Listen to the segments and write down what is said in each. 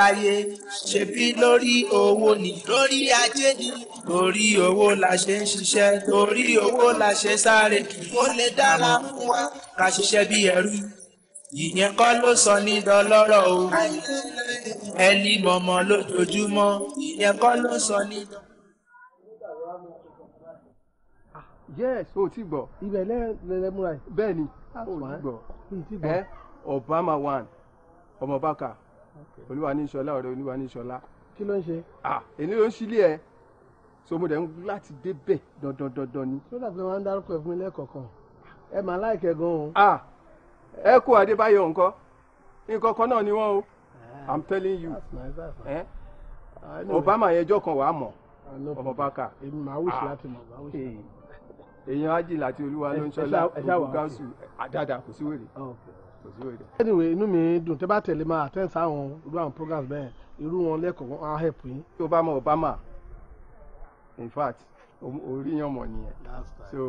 láyé ṣebí lórí owó ni lórí ajé ni lórí owó la ṣe ń ṣiṣẹ́ lórí owó la ṣe sáré kí ó lè dára fún wa ká ṣiṣẹ́ bí ẹrú ìyẹn kọ́ ló sọ ní dọlọ́rọ̀ o ẹni mọ̀mọ́ lójoojúmọ́ ìyẹn kọ́ ló sọ ní. Ah, yes o ti gbọ́. ibẹ̀ lẹ́rẹ̀ múra ẹ̀. bẹ́ẹ̀ ni ah, o ti gbọ́. Eh, obama one ọmọ bákà olúwa ní sọlá ọ̀rẹ́ olúwa ní sọlá. kí ló ń ṣe. ah èmi ló ń sílé ẹ so mo dẹ̀ ń láti débẹ̀ dandan dandan ni. tó dàbí wọn á dárúkọ ẹ fún mi lẹ́ẹ̀kọ̀ọ̀kan ẹ mà láìkẹ́ gan-an. ah ẹ kó adébáyọ̀ nǹkan nǹkan kan náà ni wọ́n o ah, i'm telling you obama yẹn jọ kan wàá mọ̀ ọmọ bàkà. èmi ah, èèyàn ájì láti olúwa ló ń ṣọlá ogun gáúsù ah, kò sí wèrè anyway inú mi dùn tẹ́ bá tẹ̀lé máa attend sáwọn irú àwọn programs bẹ́ẹ̀ irú wọn lẹ́kọ̀ọ́ wọn á help yín. tí o bá mọ obama in fact oríyàn mọ̀ nìyẹn so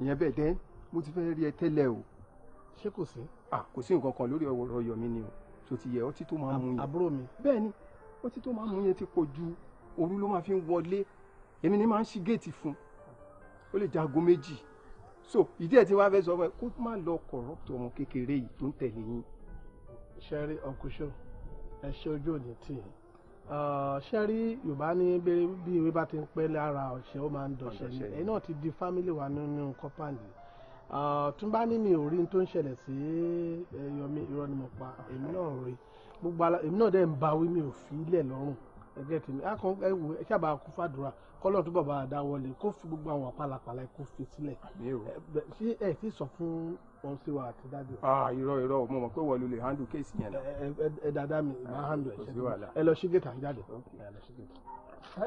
ìyẹn bẹ́ẹ̀ dẹ́n mo ti fẹ́ rí ẹ tẹ́lẹ̀ o. ṣé kò sí. ah kò sí nǹkan kan lórí ọ̀rọ̀ yọ̀mí ni o tó ti yẹ ọtí tó máa mú yẹn. àbúrò mi. bẹ́ẹ̀ ni ọtí tó máa mú yẹn ti pọ̀ ju òru ló máa fi ń wọlé èmi ni máa ń ṣí géètì fún ó lè jago méjì so ìdí ẹ̀ tí wàá fẹ́ sọ fún ẹ kó má lọ corrupt ọmọ kékeré yìí tó ń tẹ̀lé yín. ṣẹ́rí ọkùnṣọ́ ẹ ṣe ojú òní tì í ṣẹ́rí yorùbá ní bí ewé bá ti ń pẹ́ lára ọ̀ṣẹ́ ó máa ń dọ̀ṣẹ́ ni ẹ̀yin náà ti di fámìlì wa nínú kọ́pàǹdì túnbá ní mi ò rí tó ń ṣẹlẹ̀ sí ẹ̀yọ́mí irọ́ ni mo pa èmi náà rí gbogbo èmi náà dẹ̀ ń bawí mi ò fi ilẹ̀ lọ́rùn ẹ̀gẹ́ tèmi akọ ẹ̀wò ẹ̀ ṣàbà kú fàdúrà kọ́lọ̀ tó bàbá àdáwọlé kó fi gbogbo àwọn pàlàpàlà kó fi sílẹ̀ ṣé ẹ ti sọ fún wọn sí wa àti dájú. Ah, irọ́ irọ́ mo mọ̀ pé wọ́n ló lè handle case yẹn náà. ẹ dada mi ma ah, handle ẹ ṣe ẹ lọ ṣí gètà jáde.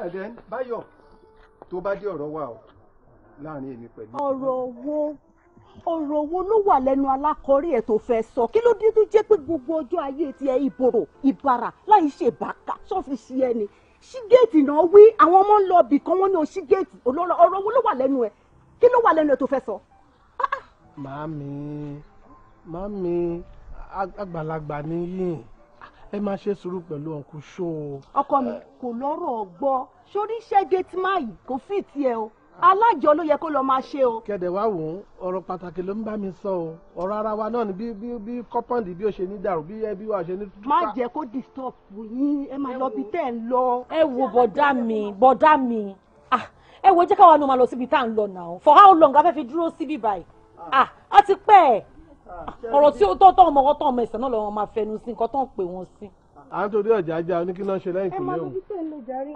ẹ dẹ́n báyọ̀ tó bá dé ọ̀rọ̀ wa o láàrin èmi pẹ̀lú. ọ̀rọ̀ wo ọ̀rọ̀ wo ló wà lẹ́nu alákọ̀ọ́rí ẹ̀ tó fẹ́ sọ kí ló dé tó jẹ́ pé gbogbo ọjọ́ ayé tiẹ̀ ìbòrò ìbàrà láì ṣe bàkà ṣọ́ọ̀fì sí ẹni ṣígẹ́ẹ̀tì náà wí àwọn ọmọ ń lọ bì kan wọ́n ní o ṣígẹ́ẹ̀tì ọ̀rọ̀ wo ló wà lẹ́nu ẹ̀ kí ló wà lẹ́nu ẹ̀ tó fẹ́ sọ. Ah, ah. màámi màámi àgbàlagbà ni yín ẹ máa ṣe sùúrù pẹ̀lú ọkùnrin ọkọ mi kò lọ́rọ̀ gbọ́ sórí iṣẹ́ gẹ́tìmáì kò fìtì ẹ o alájọ ló yẹ kó lọ máa ṣe o. kẹ̀dẹ̀ wá wò ó ọ̀rọ̀ pàtàkì ló ń bá mi sọ o ọ̀rọ̀ ara wa náà ni bí bí bí kọ́pọ̀ǹdì bí ó ṣe ní dàrú bí ẹbí wa ṣe ní. má jẹ́ kó disturb yín ẹ máa lọ bí tẹ́ ẹ ń lọ. ẹ wo bọ̀dá mi bọ̀dá mi ah, ẹ wo jẹ́ káwa náà máa lọ síbi tá à ń lọ náà for how long a fẹ́ fi dúró síbi báyìí ah, a ti pẹ́ ẹ̀ ah, ọ̀rọ̀ tí ó tọ́ tọ́ ọmọ ọtọ́ ọmọ ẹ̀sẹ̀ náà lọ́wọ́ máa fẹnu sí nǹkan tó ń pè wọ́n sí. à ń torí ọ̀jà ajá oníkíná ṣe lẹ́yìn kò léwu. ẹ máa lọ bí tẹ́ ẹ lọ jàre.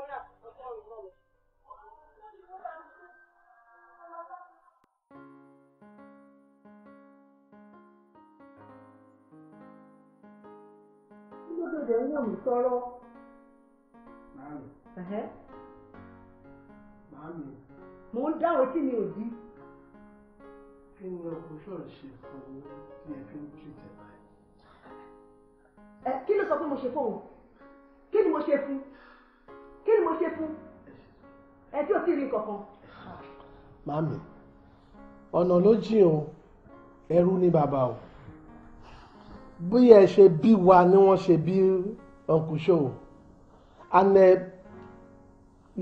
dẹ̀ ń wò mí sọ̀rọ̀. Màálù. Màálù. Mo ń dáhùn tí mi ò Kí ni ọkọ̀ ṣọ́ọ̀ ṣe fún kí ẹ fi ń tì tẹ̀ báyìí? kí ló sọ pé mo ṣe fún òun? Kí ni mo ṣe fún? Kí ni mo ṣe fún? Ẹ tí ò tí rí kankan. Màmí, ọ̀nà ló jìn o, ẹrú ni bàbá o bí ẹ ṣe bí wa ni wọ́n ṣe bí uncle show and uh,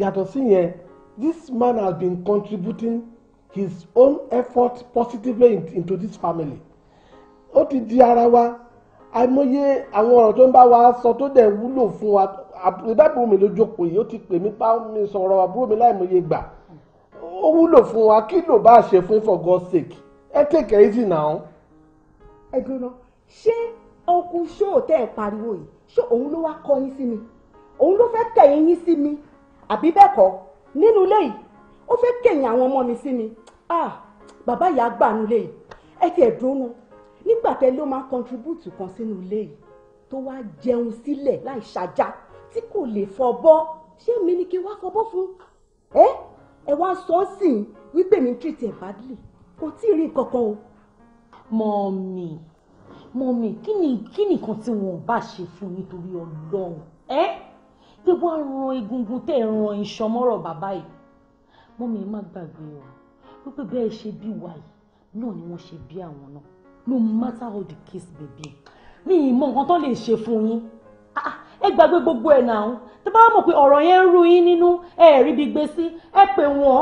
yàtọ̀ sí yẹn this man has been contributing his own effort positively into this family ó ti di ara wa àìmọye àwọn ọ̀rọ̀ tó ń bá wa sọ tó dẹ̀ wúlò fún wa àbúrò mi ló jókòó yìí ó ti pè mí pa mi sọ̀rọ̀ àbúrò mi láìmọye gbà ó wúlò fún wa kí ló bá ṣe fún for God's sake ẹ take it easy now. ẹ dúró náà ṣé ọkùn ṣóò tẹ́ ẹ pariwo yìí ṣé òun ló wá kọ́ yín sí mi òun ló fẹ́ kẹ̀yìn yín sí mi àbí bẹ́ẹ̀ kọ́ nínú ilé yìí ó fẹ́ kẹ̀yìn àwọn ọmọ mi sí mi ah bàbá ìyá gbàánu lè yìí ẹ tiẹ̀ dúró nígbà tẹ ló máa contribute kan sínú ilé yìí tó wá jẹun sílẹ̀ láì ṣàjà tí kò lè fọbọ́ ṣé mi ni kí n wá fọbọ́ fún ẹ ẹ wá sọ ọ́ sìn wípé mi treat ẹ̀ badly kò tí ì rí nǹkan kan o. mọ́mì mọ́mí kí ni kí nìkan tí wọ́n bá ṣe fún nítorí ọlọ́run ẹ́ pé wọ́n á ran egungun tẹ́ ẹ̀ ran iṣan mọ́rọ̀ bàbá yìí mọ́mí ẹ má gbàgbé o wípé bẹ́ẹ̀ ṣe bí wa náà ni wọ́n ṣe bí àwọn náà no matter how the case may be mi ì mọ nǹkan tó lè ṣe fún yín ah, ẹ gbàgbé gbogbo ẹ̀ náà tó bá mọ̀ pé ọ̀rọ̀ yẹn ń ru yín nínú ẹ rí bí gbé sí ẹ pè wọ́n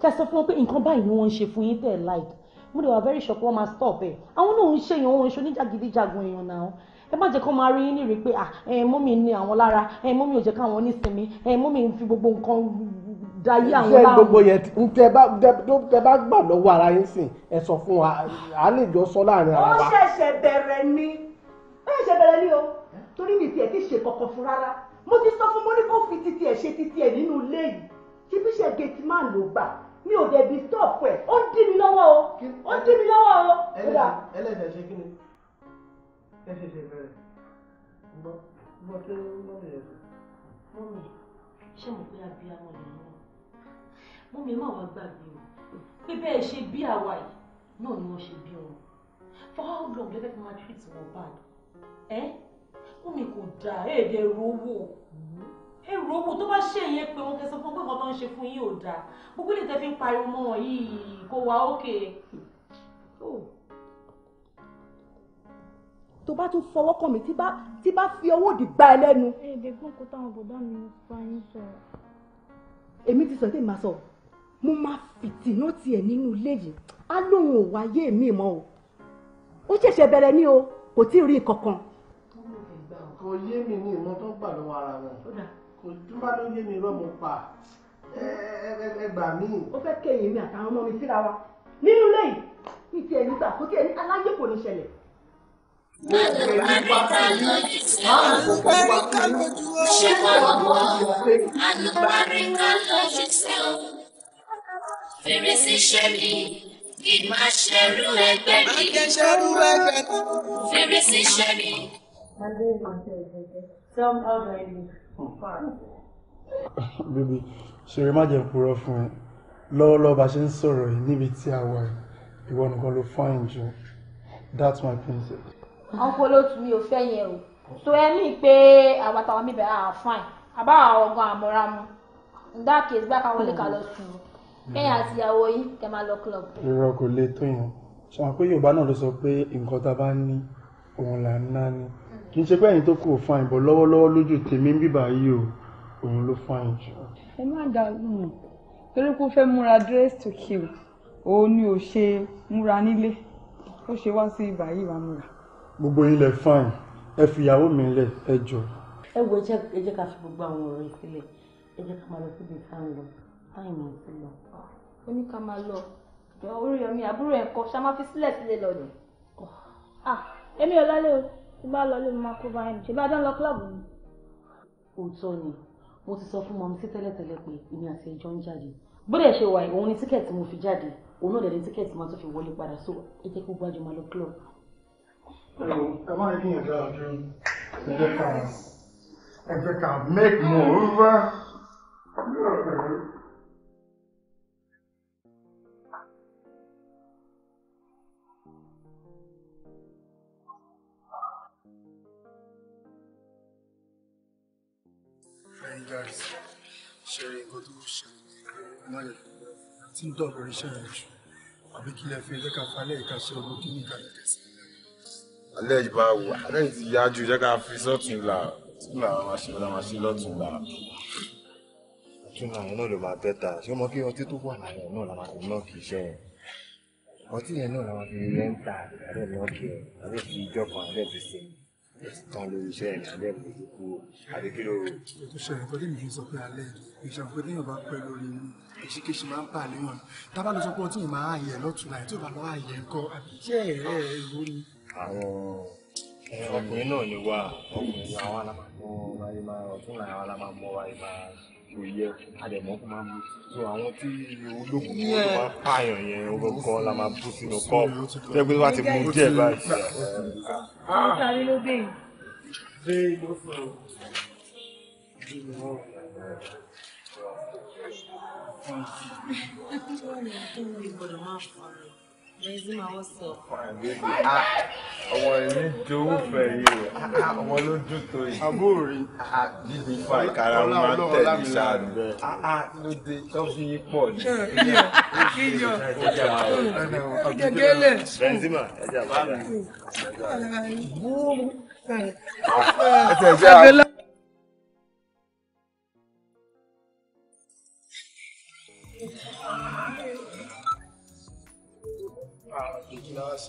kẹsàn fún wọn pé nǹkan báyìí ni wọ́n ń ṣe fún yín tẹ̀ láìpẹ́ mo dẹ̀ wà very sure pé wọ́n máa stop ẹ̀ àwọn náà ń ṣe èèyàn òun ìṣoníjàgídíjàgùn èèyàn náà ẹ má jẹ́ kó máa rí ní rí pé ah ẹ mọ́mì ní àwọn lára ẹ mọ́mì ò jẹ́ káwọn nísinmi ẹ mọ́mì ń fi gbogbo nǹkan dayé àwọn láwọn. iṣẹ́ gbogbo yẹn tẹ bá gbà lọ́wọ́ ara yín sìn ẹ sọ fún wa a lè jọ sọ láàrin ara wa. ó ṣẹ̀ṣẹ̀ bẹ̀rẹ̀ ni ó ṣẹ̀ṣẹ̀ bẹ̀rẹ̀ ni o torí mi tiẹ̀ ti ṣe kọ̀kọ̀ fún rárá mo ti sọ fún mo ní kó fi titi ẹ̀ ṣe titi ẹ̀ nínú ilé yìí kí bí ṣe gate ló gbà mi ò dẹ̀ disturb ẹ̀ ó ń dí mi lọ́wọ́ o ó ń dí mi lọ́wọ́ o. ẹlẹ́sẹ̀ ṣe kí ni ẹ ṣe ṣe bẹ̀rẹ̀ gbọ́ gbọ́ kí mọ́mí rẹ̀ sọ. ṣé mo pé abiyamọ lè mú mọ́mí má wàá gbàgbé o pé bẹ́ẹ̀ ṣe bí àwa yìí náà ni wọ́n ṣe bí wọn for how long lẹ́fẹ̀ẹ́ fi máa treat wọn bad ẹ́ mọ́mí kò dáa ẹ̀ẹ́dẹ̀ rówó ẹ rò wò tó bá ṣe yẹn pé wọn kẹsàn fún pé nǹkan tó ń ṣe fún yín ò dáa gbogbo lè tẹ́ fi ń pariwo mọ́ wọn yìí kò wá òkè. tó bá tún fọwọ́ kàn mí tí bá fi ọwọ́ òdì gba ẹ lẹ́nu. èdè gbọ́ǹkó táwọn bọ̀dá mi fa yín sọ̀rọ̀. èmi ti sọ èdè màá sọ mo máa fìtínà tiẹ̀ nínú ilé yìí á lóun ò wáyé mi mọ́ o ó ṣẹ̀ṣẹ̀ bẹ̀rẹ̀ ní o kò tí ì rí nǹkan kan. yé mi ní ìmọ̀ tó ń gbà lọ́wọ́ ara wọn. Ojúmọ́ ló yé mi rọ́mọ pa. Ẹ gbà mí. Ó fẹ́ ké èmi àtàwọn ọmọ mi síra wa. Nínú lẹ́yìn, ní ti ẹ̀yìn gbà sókè ní aláyé kò ní ṣẹlẹ̀. Bẹ́ẹ̀ni bàbá ta lóyè sí àlùbáríkà lójú ó ṣe pàwọ́. Àlùbáríkà lójú sí ó. Fèrèsé ṣẹ́mi ìmọ̀ aṣẹ́rú ẹgbẹ́ mi. Akẹ́ṣẹ́rú ẹgbẹ́ mi. Fèrèsé ṣẹ́mi. Some already bébí ṣeré má jẹ́ purọ́ fún ẹ lọ́wọ́lọ́wọ́ bá ṣe ń sọ̀rọ̀ yìí níbi tí a wà yìí ìwọ nìkan ló fáìn jù that's my princess. ọkọ ló tún mi ò fẹ́ yẹn o so ẹ mí pé àwọn àtàwọn mi bẹ̀rẹ̀ àwọn Fine. àbá àwọn ọgàn àmọ́ra mu in that case bá káwọn lè kà lọ sùn kẹ́yìn àti ìyàwó yìí kẹ́ máa lọ club. irọ́ kò le tó yẹn ṣàpè yorùbá náà ló sọ pé nǹkan tá a bá ní òun là ń ná ni kì í ṣe pé ẹ̀yin tó kù fine but lọ́wọ́lọ́wọ́ lójú tèmi ń bíbà yìí o òun ló fine jù. ẹ má dà lóhùn mm, torí kó fẹ́ múra dress to kill òun ni ò ṣe múra nílé ó ṣe wá sí ibà yìí wà múra. gbogbo yín lẹ fine ẹ fi ìyàwó mi lẹ ẹ jọ. ẹ wo ẹ jẹ́ ká fi gbogbo àwọn ọ̀rọ̀ yìí sílẹ̀ ẹ jẹ́ ká máa lọ síbi ìta ń lọ táìmù ti lọ. ó ní ká máa lọ orí ọmọ àbúrò ẹ̀kọ́ ṣá máa fi sílẹ̀ sílẹ̀ lọ́dọ̀. Oh. Ah, èmi ò lálẹ́ o tí bá lọ lé mo máa kó bá yín ṣe bá dán lọ kílọ̀bù ni. òótọ́ ni mo ti sọ fún mọ́mí sí tẹ́lẹ̀tẹ́lẹ̀ pé èmi àti ẹjọ́ ń jáde bódẹ̀ ṣe wà òun ni tíkẹ́ẹ̀tì mo fi jáde òun náà dẹ̀ ní tíkẹ́ẹ̀tì máa tún fi wọlé padà so ẹ jẹ́ kó gbájú máa lọ kílọ̀bù. ẹ má kí yẹn dára ju ẹ jẹ́ ká ẹ jẹ́ ká make move. guys ṣe nǹkan tó ṣẹlẹ̀ ní náírà tí ń dọ̀bọ̀ iṣẹ́ rẹ̀ jù àbí kí lẹ fi ẹjẹ́ ká falẹ̀ ìka ṣe owó kí ní ìkàlẹ̀ kẹsì. alẹ́ ìbá wò alẹ́ ti yá ju jẹ́ ká fi sọ́tún là tún là máa ṣe ọ̀dà máa ṣe lọ́tún là. tún là yẹn náà ló máa bẹ́ta ṣé ọmọ kí ọtí tó wà lára ẹ̀ náà la máa fi náà kì í ṣe ẹ̀ ọtí yẹn náà la máa fi rẹ́ńtà àbẹ́ náà kì í àbẹ́ fi ìjọ kan àbẹ́ fi sèyí tán lórí iṣẹ́ ẹ̀yìn alẹ́ mi ló àwọn ọkùnrin náà ni wà ọkùnrin làwọn alámọ̀ wáyé máa ọ̀tún làwọn alámọ̀ wáyé máa kò àdẹ̀mọ́ kó máa mú so àwọn tí olóògùn kó máa pààyàn yẹn ọgọgọ la máa bú sínú pop jẹ́ pé wọ́n ti mú díẹ̀ báyìí. Thank you. Raising my own self. Ọmọ ẹni jowó fẹ́ yìí o, ah, ah, ọmọ ló dùn tó yìí. Àbúrò ah, bíbí fà kára máa tẹ̀lé ṣáàdù bẹ́ẹ̀. Lóde tó fi yín pọ̀ Benzema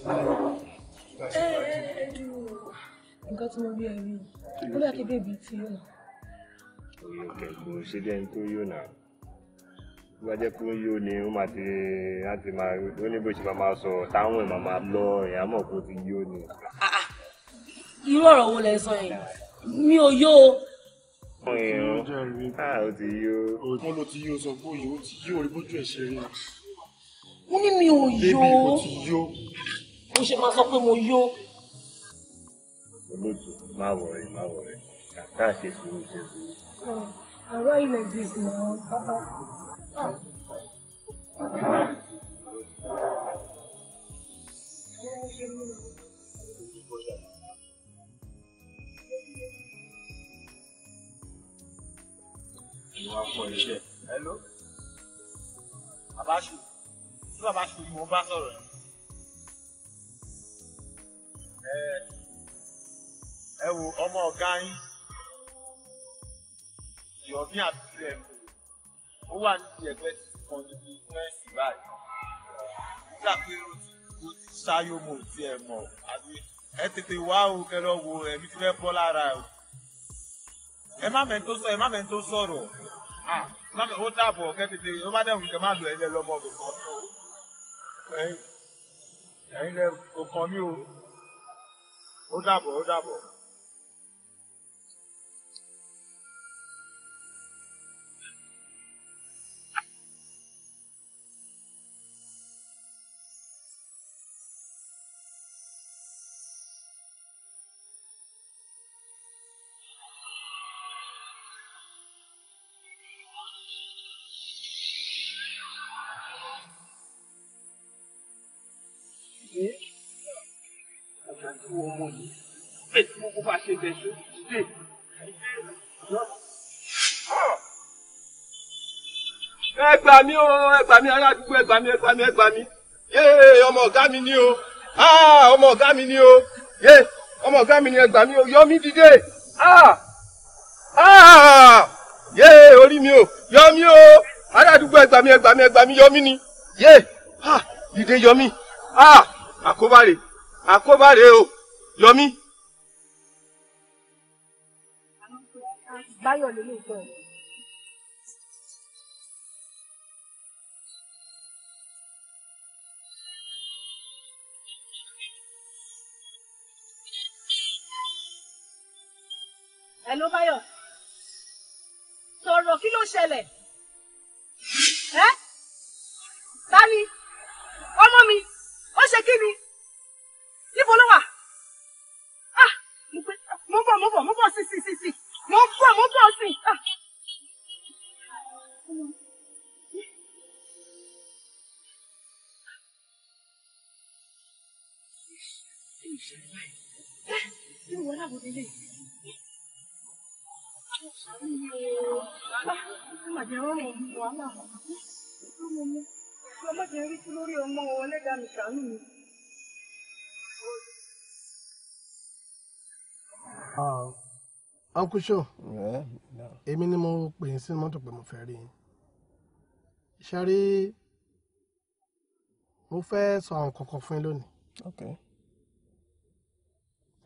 nǹkan tí mo rí ẹ rí ó dà kí bèbí tí yóò náà. òye kẹ̀kọ́ ṣe jẹ́ ní tó yóò náà bí wọ́n jẹ́ pé ó yóò ní ó máa ti láti máa ó ní bó ṣe máa máa sọ táwọn ẹ̀ máa máa lọ ẹ̀yà mọ̀ kó ti yóò ní. Ah, ah. irú ọ̀rọ̀ wo lẹ sọ yẹn mi ò yó o ah, ó ti yó. wọ́n ló ti yó sọ pé òye ó ti yó orí bójú ẹ̀ ṣe rí. wọ́n ní mi ò yó. bébí ó ti yó mo ṣe máa sọ pé mo yó. olóòtú má wọrí má wọrí kàkà ṣe sùúrù ṣe sùúrù. àárọ̀ ilẹ̀ gbèsè náà pápá. Hello? Abaṣu. Ṣé Abaṣu ni mo bá sọ̀rọ̀ yẹn? ẹ wo ọmọ ọ̀gá yín ìyọ̀bí àti rẹ̀ ó wà níbi ẹgbẹ́ kan níbi fúnẹ́ǹsì báyìí nígbà pé o ti ṣáyó mo ti ẹ̀ mọ̀ àbí ẹ tètè wá o kẹlọ wo ẹ̀mí ti fẹ́ bọ́ lára o ẹ má mẹ́ tó sọ ẹ má mẹ́ tó sọ̀rọ̀ ah má mẹ́ ó dàbọ̀ kẹ́ tètè ó bá dẹ̀wù kẹ́ má lọ ẹ̀ lẹ́ lọ́mọ kò kàn mí o ẹ̀yin lẹ́ kò kàn mí o. ó dàbọ̀ ó dàbọ̀. irú ọmọ yìí bẹ́ẹ̀ tí gbogbo bá ṣe bẹ̀ṣọ́ ṣe ẹ gbà o ẹ gbà mí àdúgbò ẹ gbà mí ẹ gbà mí yéé ọmọ ọ̀gá mi ni o ah, ọmọ ọ̀gá mi ni o yéé ọmọ ọ̀gá mi ni ẹ gbà mí o yọ mí dìde ah, ah, yéé orí mi o yọ mí o ará àdúgbò ẹ gbà mí ẹ gbà mí ẹ ni yéé dìde yọ mí àkóbá rè àkóbá rè o. Yọmí. Báyọ̀ lè lè sọ. Hello Báyọ̀. Sọ̀rọ̀ kí ló ṣẹlẹ̀? Ẹ́ ta ni? Ọmọ mi, ó ṣe kí ni? Níbo ló wà? mo bọ̀ mo bọ̀ mo bọ̀ sí sí sí sí mo bọ̀ mo bọ̀ sí. Ọmọ jẹ́ rí sí lórí ọmọ ọlẹ́dàá mi ṣàánú mi. Ah, uncle show èmi ni mo pè yín sí mọ́tò pé mo fẹ́ rí yín ṣe rí mo fẹ́ sọ àwọn kankan fún yín lónìí. Okay.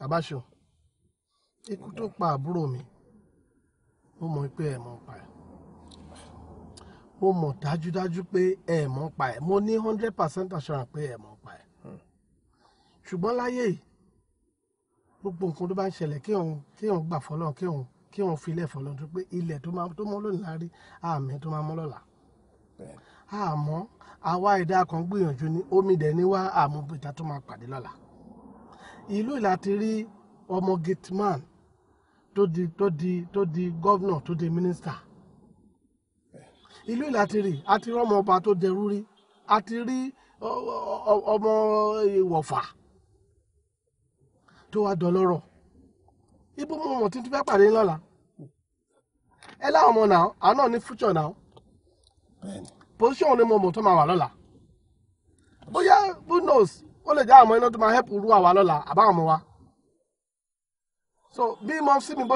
Àbáṣọ ikú tó pa àbúrò mi mo mọ̀ pé ẹ̀ mọ̀ pa ẹ̀ mo mọ̀ dájúdájú pé ẹ̀ mọ̀ pa ẹ̀ mo ní hundred percent assurance pé ẹ̀ mọ̀ pa ẹ̀ hmm. ṣùgbọ́n láyé yìí gbogbo nǹkan tó bá ń ṣẹlẹ̀ kí òun kí òun gbà fọlọ́n kí òun kí òun filẹ̀ fọlọ́n tó pé ilẹ̀ tó máa tó mọ́ lónìí lárí àmì tó máa mọ́ lọ́la àmọ́ àwa ẹ̀dá kan gbìyànjú ní omi dẹ̀ ní wá àmọ́ ìta tó máa pàdé lọ́la ìlú ìlà ti rí ọmọ gateman tó di tó di tó di gọ́vnà tó di mínísítà ìlú ìlà ti rí a ti rí ọmọ ọba tó dẹrú rí a ti rí ọmọ ìwọ̀fà. tó wá dọlọ́rọ̀ ibo mo mọ̀ tí n tún fẹ́ pàdé lọ́la ẹ láwọn ọmọ náà àánú ní future náà position ni mo mọ̀ tó máa wà lọ́la bóyá who knows ó lè jẹ́ àwọn ọmọ iná tó máa help rú lọ́la àbá ọmọ wa so bí mo sí mi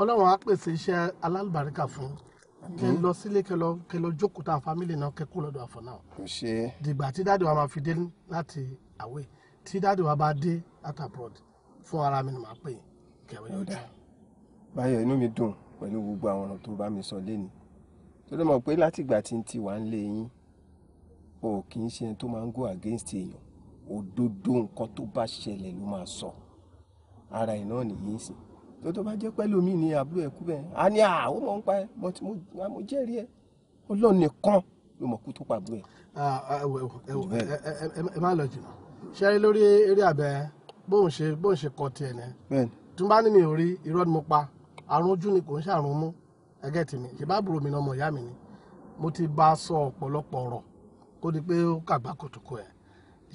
ọlọ́run á pèsè iṣẹ́ alálùbáríkà fún kẹ lọ sílé kẹ lọ kẹ lọ jókòó tá fámìlì náà kẹ kú lọ́dọ̀ àfọ náà. kò ṣe é. dìgbà tí dáàdì wa máa fi dé láti àwẹ̀ tí dáàdì wa bá dé láti abroad fún ara mi ni màá pè kẹwẹ́ yọjú. báyọ̀ inú mi dùn pẹ̀lú gbogbo àwọn ọ̀rọ̀ tó bá mi sọ lẹ́nu tó lè mọ̀ pé látìgbà tí n ti wà ń lé yín o kì í ṣe ẹni tó máa ń go against èèyàn òdodo nǹkan tó bá ṣẹlẹ̀ ló máa sọ ara ẹ̀ náà nìyí sìn tó tó bá jẹ́ pẹ́lú mi ní àbúrò ẹ̀kú bẹ́ẹ̀ á ní àwọn ọmọ ń pa ẹ bọ́tí mo jẹ́rìí ẹ ọlọ́run nìkan ló mọ̀ kú tó pa àbúrò ẹ. ẹ má lọ jìnnà ṣe é lórí eré àbẹ bóun ṣe bóun ṣe kọ tiẹ̀ ní. tún ní mi ò rí irọ́ ni mo pa àrùn ojú ni kò ń ṣàrùn mú ẹgẹ́ tì mí ṣe bá bùrọ̀ mi ní ọmọ ìyá mi ni mo ti bá a sọ ọ̀pọ̀lọpọ̀ ọ̀rọ̀ kó di pé ó kàgbá kòtòkò ẹ̀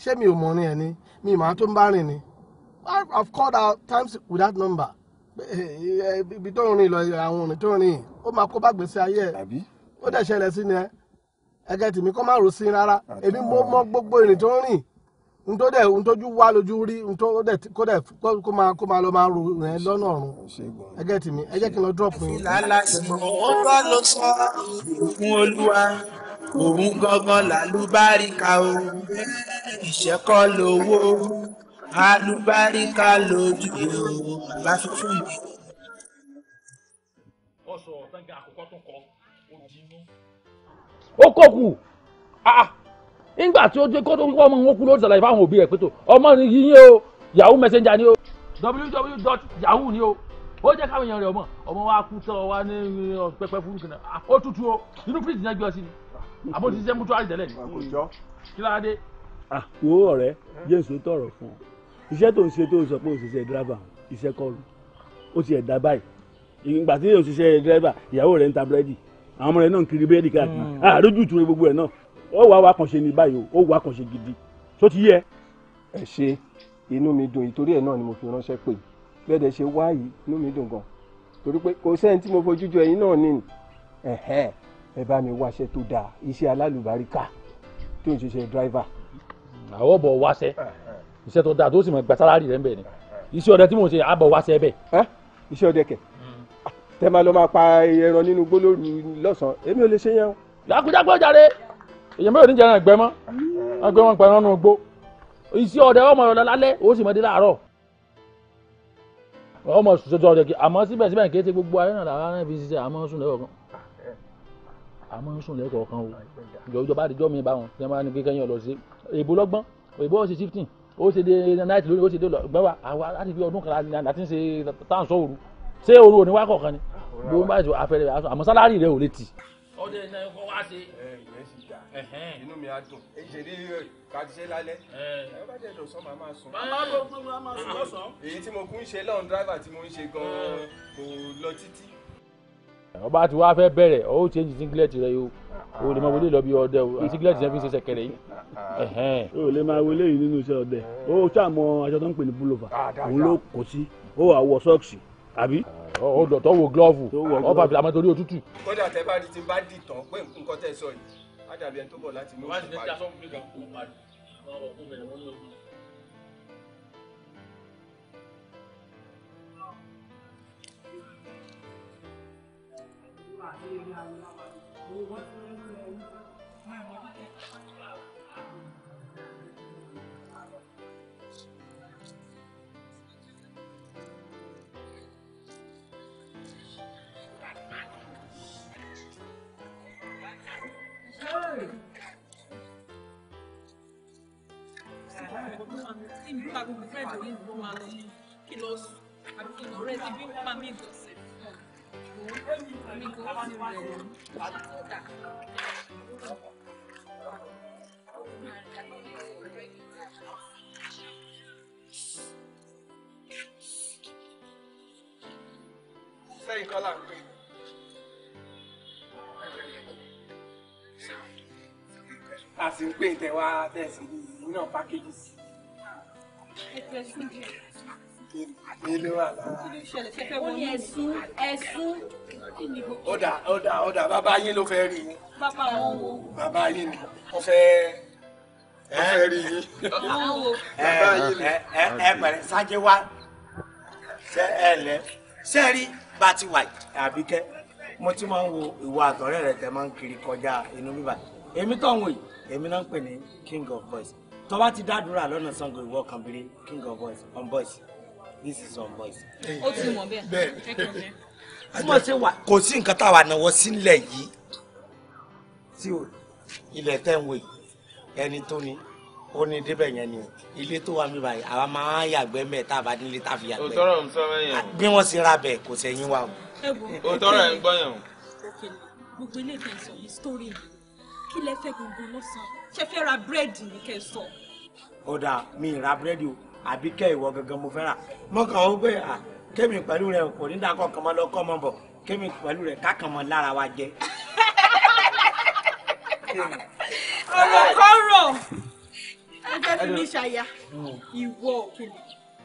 ṣé mi ò mọ̀ ní ẹni mi ì máa rìn ni I've called out times without number ibi tó ń rìn lọ àwọn òrìn tó ń rìn ó máa kó bá gbèsè ayé ẹ ó dẹ̀ ṣẹlẹ̀ sí ni ẹ ẹgẹ tèmi kọ́ máa rò sí rárá èmi mo mọ gbogbo ìrìn tó ń rìn n tó dẹ̀ n tójú wá lójú rí n lọ máa rò lọ́nà ọ̀run ẹgẹ tèmi ẹ kí n lọ drop yín. alùbáríkà lójú o bàbá fífún mi. ó sọ ọ̀tẹ́ngà àkọ́kọ́ tó kọ òjì mú. ó kù ah, ah. nígbà tí ó dé kó tó kọ́ ọmọ wọn kú ló ṣàlàyé fáwọn òbí rẹ̀ pé tó ọmọ ni yíyín o yahoo messenger ni o www.yahoo ni o ó jẹ́ káwọn èèyàn rẹ̀ ọmọ ọmọ wa kú tán wa ní pẹpẹ fún kìnà ah, ó tútù o inú fíríjì náà gbé ọ sí ni àbójútó iṣẹ́ mútuárì tẹ́lẹ̀ ni kí ló dé. wo ọ̀rẹ́ jésù tọrọ fún ọ iṣẹ́ tó ń ṣe tó ń sọ pé òṣìṣẹ́ dírẹ́bà iṣẹ́ kọ́ ó ti ẹ̀dá báyìí ìgbà tí òṣìṣẹ́ dírẹ́bà ìyàwó rẹ̀ ń ta búrẹ́dì àwọn ọmọ rẹ̀ náà ń kiri búrẹ́dì káàkiri àrójú hmm. ah, ìtura gbogbo ẹ̀ náà ó wà wá kànṣe ní báyìí ó wà kànṣe gidi tó ti yẹ. ẹ ṣe inú mi dùn ìtorí ẹ náà ni mo fi ránṣẹ́ pè bẹ́ẹ̀ dẹ̀ ṣe wáyìí inú mi dùn gan torí pé kò sẹ́ni tí mo fojú jọ ẹ̀yin náà nìyí ẹ̀hẹ́ ẹ bá mi wáṣẹ́ tó dáa iṣẹ́ alálùbáríkà tí ò ń ṣiṣẹ́ dráìvà. àwọ̀ bọ̀ wáṣẹ́ ah, ah iṣẹ́ tó dáa tó sì mọ̀ gba sálárì rẹ̀ ń bẹ̀ ni iṣẹ́ ọdẹ tí mò ń ṣe àbọ̀ wá ṣe bẹ̀. iṣẹ́ ọdẹ kẹ̀ hmm. tẹ́ máa lọ máa pa ẹran nínú gbólóru lọ́sàn-án èmi ò lè ṣe yẹn o. jákujágbó jàre èèyàn mẹ́rin jẹ́ ẹgbẹ́ mọ́ ẹgbẹ́ hmm. wọn pa ẹran nù gbó iṣẹ́ ọdẹ ọmọ ọ̀rọ̀ lálẹ́ ó sì mọ̀ dé láàárọ̀ ọmọ ṣoṣo ọdẹ kí àmọ́ síbẹ̀síbẹ̀ kì í ṣe gbogbo ayé náà làwọn ará fi ṣiṣẹ́ àmọ́ sùn lẹ́kọ̀ọ́ àmọ́ sùn lẹ́kọ̀ọ́ o ìjọba àdìjọ́ mi bá wọn ó ṣe dé náìtì lónìí ó ṣe dé lọ gbẹ́wà àwa láti fi ọdún kan láti ṣe táwọn sọ òru ṣé òru òní wá kọ̀ọ̀kan ni bí wọ́n bá ṣe àfẹ́rẹ́ rẹ̀ àmọ́ sálárì rẹ̀ ò lè tì. ọdẹ iná ẹkọ wá ṣe. ẹ ìyẹn sì dá inú mi á dùn èyí ṣe ní kàdíṣe lálẹ́ ẹ bá jẹ́ ìdọ̀sán màá máa sùn. màá lọ fún mi máa sùn lọ́sàn-án. èyí tí mo kún ṣe lọ́run dráìvà tí mo ń ṣe gan-an kò lọ títí ọba tí wàá fẹ́ bẹ̀rẹ̀ ó change singlet rẹ yìí o ò lè máa wọlé lọ bí ọdẹ o ah, singlet yẹn fi ń ṣe ah, ṣẹ̀kẹ̀rẹ̀ yìí. Ah. o ò lè máa wọlé yìí nínú iṣẹ́ ọdẹ o ṣàmọ aṣọ tó ń pè ní pullover òun ló kó sí ó wà wọ sọ́ọ̀sì àbí. ọdọ tó wo glove ọba fìlà mọ́tò orí òtútù. kódà tẹ bá di ti bá dì tán pé nǹkan tẹ sọ yìí á tó bọ̀ láti mú ìpàdé. tí mi bá gbogbo fẹ́ẹ̀dì yìí ló máa lọ ní kí lọ sùn àbí kí lọ rẹ́ ti bí wọ́n máa mí ìgbọ̀nsẹ̀ mi kò ó ti rẹ̀ lọ. sẹ́yìn kọ́ là ń pè a sì ń pè kí ló wà lára. ó ní ẹ̀sùn ẹ̀sùn. ó dà ó dà ó dà bàbá yín ló fẹ́ rí yín. bàbá wọn wo. bàbá yín ni ó fẹ́ ó ẹ ẹ pẹ̀lẹ́ sájẹ ṣe ẹ lẹ ṣe rí bá ti wà Àbíkẹ́ mo ti máa ń wo ìwà àtọ̀rẹ́ rẹ tẹ máa ń kiri kọjá inú bíbá èmi tó ń wò yìí èmi náà ń pè ní king of boys tó ti dádúrà lọ́nà Ṣàngó ìwọ kan bíi king of boys on boys this is some boys. ó ti mọ̀ bẹ́ẹ̀ kẹ́kọ̀ọ́ mọ̀ ṣe wà kò sí nǹkan tá a wà náwó sílẹ̀ yìí tí ilẹ̀ tẹ̀ ń wò yìí ẹni tó ni ó ní débẹ̀ yẹn ni o ilé tó wà mí báyìí àwa máa ń yàgbẹ́ mẹ́ẹ̀ tá a bá nílé tá a fi yàgbẹ́. òtọ́rọ̀ ń sọ bẹ́ẹ̀ yẹn. bí wọ́n ṣe ra bẹ̀ kò sẹ́yìn wa o. òtọ́rọ̀ ń gbọ́ yẹn o. gbogbo ilé kẹsàn yìí sítórì mi kí lẹ fẹ́ gbogbo lọ́sàn-án ṣe fẹ́ ra búrẹ́dì ní kẹsàn. ó dáa mi ì ra búrẹ́dì o àbíkẹ́ ìwọ gangan mo fẹ́ràn mọ́kàn ó pé à kémi pẹ̀lú rẹ kò ní dákọ̀ kan mọ́ lọ́kọ́ mọ́ bọ̀ kémi pẹ̀lú rẹ kákan mọ́ lára wa jẹ. ọ̀rọ̀ kọ́rọ̀ ẹgbẹ́ mi ṣàyà ìwọ òkèlè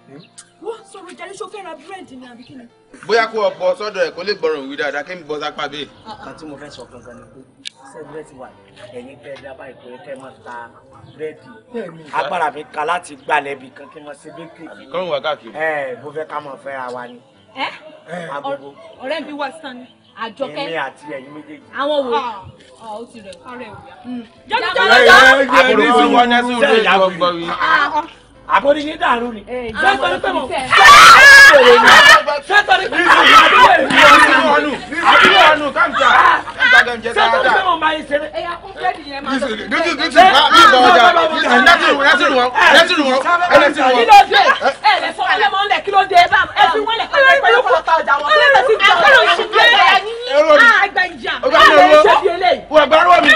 hmm? wọ́n sọ̀rọ̀ jàre ṣó fẹ́ ra ni àbí kí ni. bóyá kó o bọ sọ́dọ̀ ẹ̀ kó lè gbọ́rọ̀ wí dáadáa kémi bọ́ sápá bẹ́ẹ̀. kan tí mo fẹ́ sọ gangan ni pé ṣe búrẹ́dì wà ẹ̀yin fẹ́ dábàá ìpínlẹ̀ kẹ́ mọ́ ta búrẹ́dì agbára mi ka láti gbalẹ̀ bì kan kí wọ́n ṣe bẹ́kìrì. àbíkọ́ ìwà káàkiri. ẹ bó fẹ́ ká mọ̀ fẹ́ ra wa ni. ẹ ọ̀rẹ́ mi wá sàn ni àjọkẹ́ èmi àti ẹ̀yin méjèèjì. àwọn wo ọ ah. ah, ó ti rẹ̀ ọ̀rẹ́ òyà. jọ́jọ́ jọ́jọ́ àbúrò wọn ní ẹ̀sìn òde ìgbọ̀ngbọ̀n yìí àbórí yín dàrú ni. sẹ́tọ̀ ní pẹ̀lú sẹ́tọ̀ ní pẹ̀lú àdúgbò ìlú ọ̀nù àdúgbò ọ̀nù kàmjà kàmjà jẹ sáadà. sẹ́tọ̀ ní pẹ̀lú ọ̀nà ìṣeré. ẹ̀yà kún fẹ́ẹ̀dì yẹn máa lọ. gidi gidi bá mi bọ̀ ọjà lẹ́tìrì wọn lẹ́tìrì wọn lẹ́tìrì wọn lẹ́tìrì wọn. kí ló dé ẹ lè fọ ọlẹ́ mọ́ ọ́nlẹ̀ kí ló dé bá ẹ fi wọ́n lẹ̀ kọ́ lẹ́ pẹ̀lú ọ̀pọ̀lọpọ̀ ọjà wọn. ọlẹ́ lọ sí ìjà ọ̀pọ̀lọpọ̀ ìṣ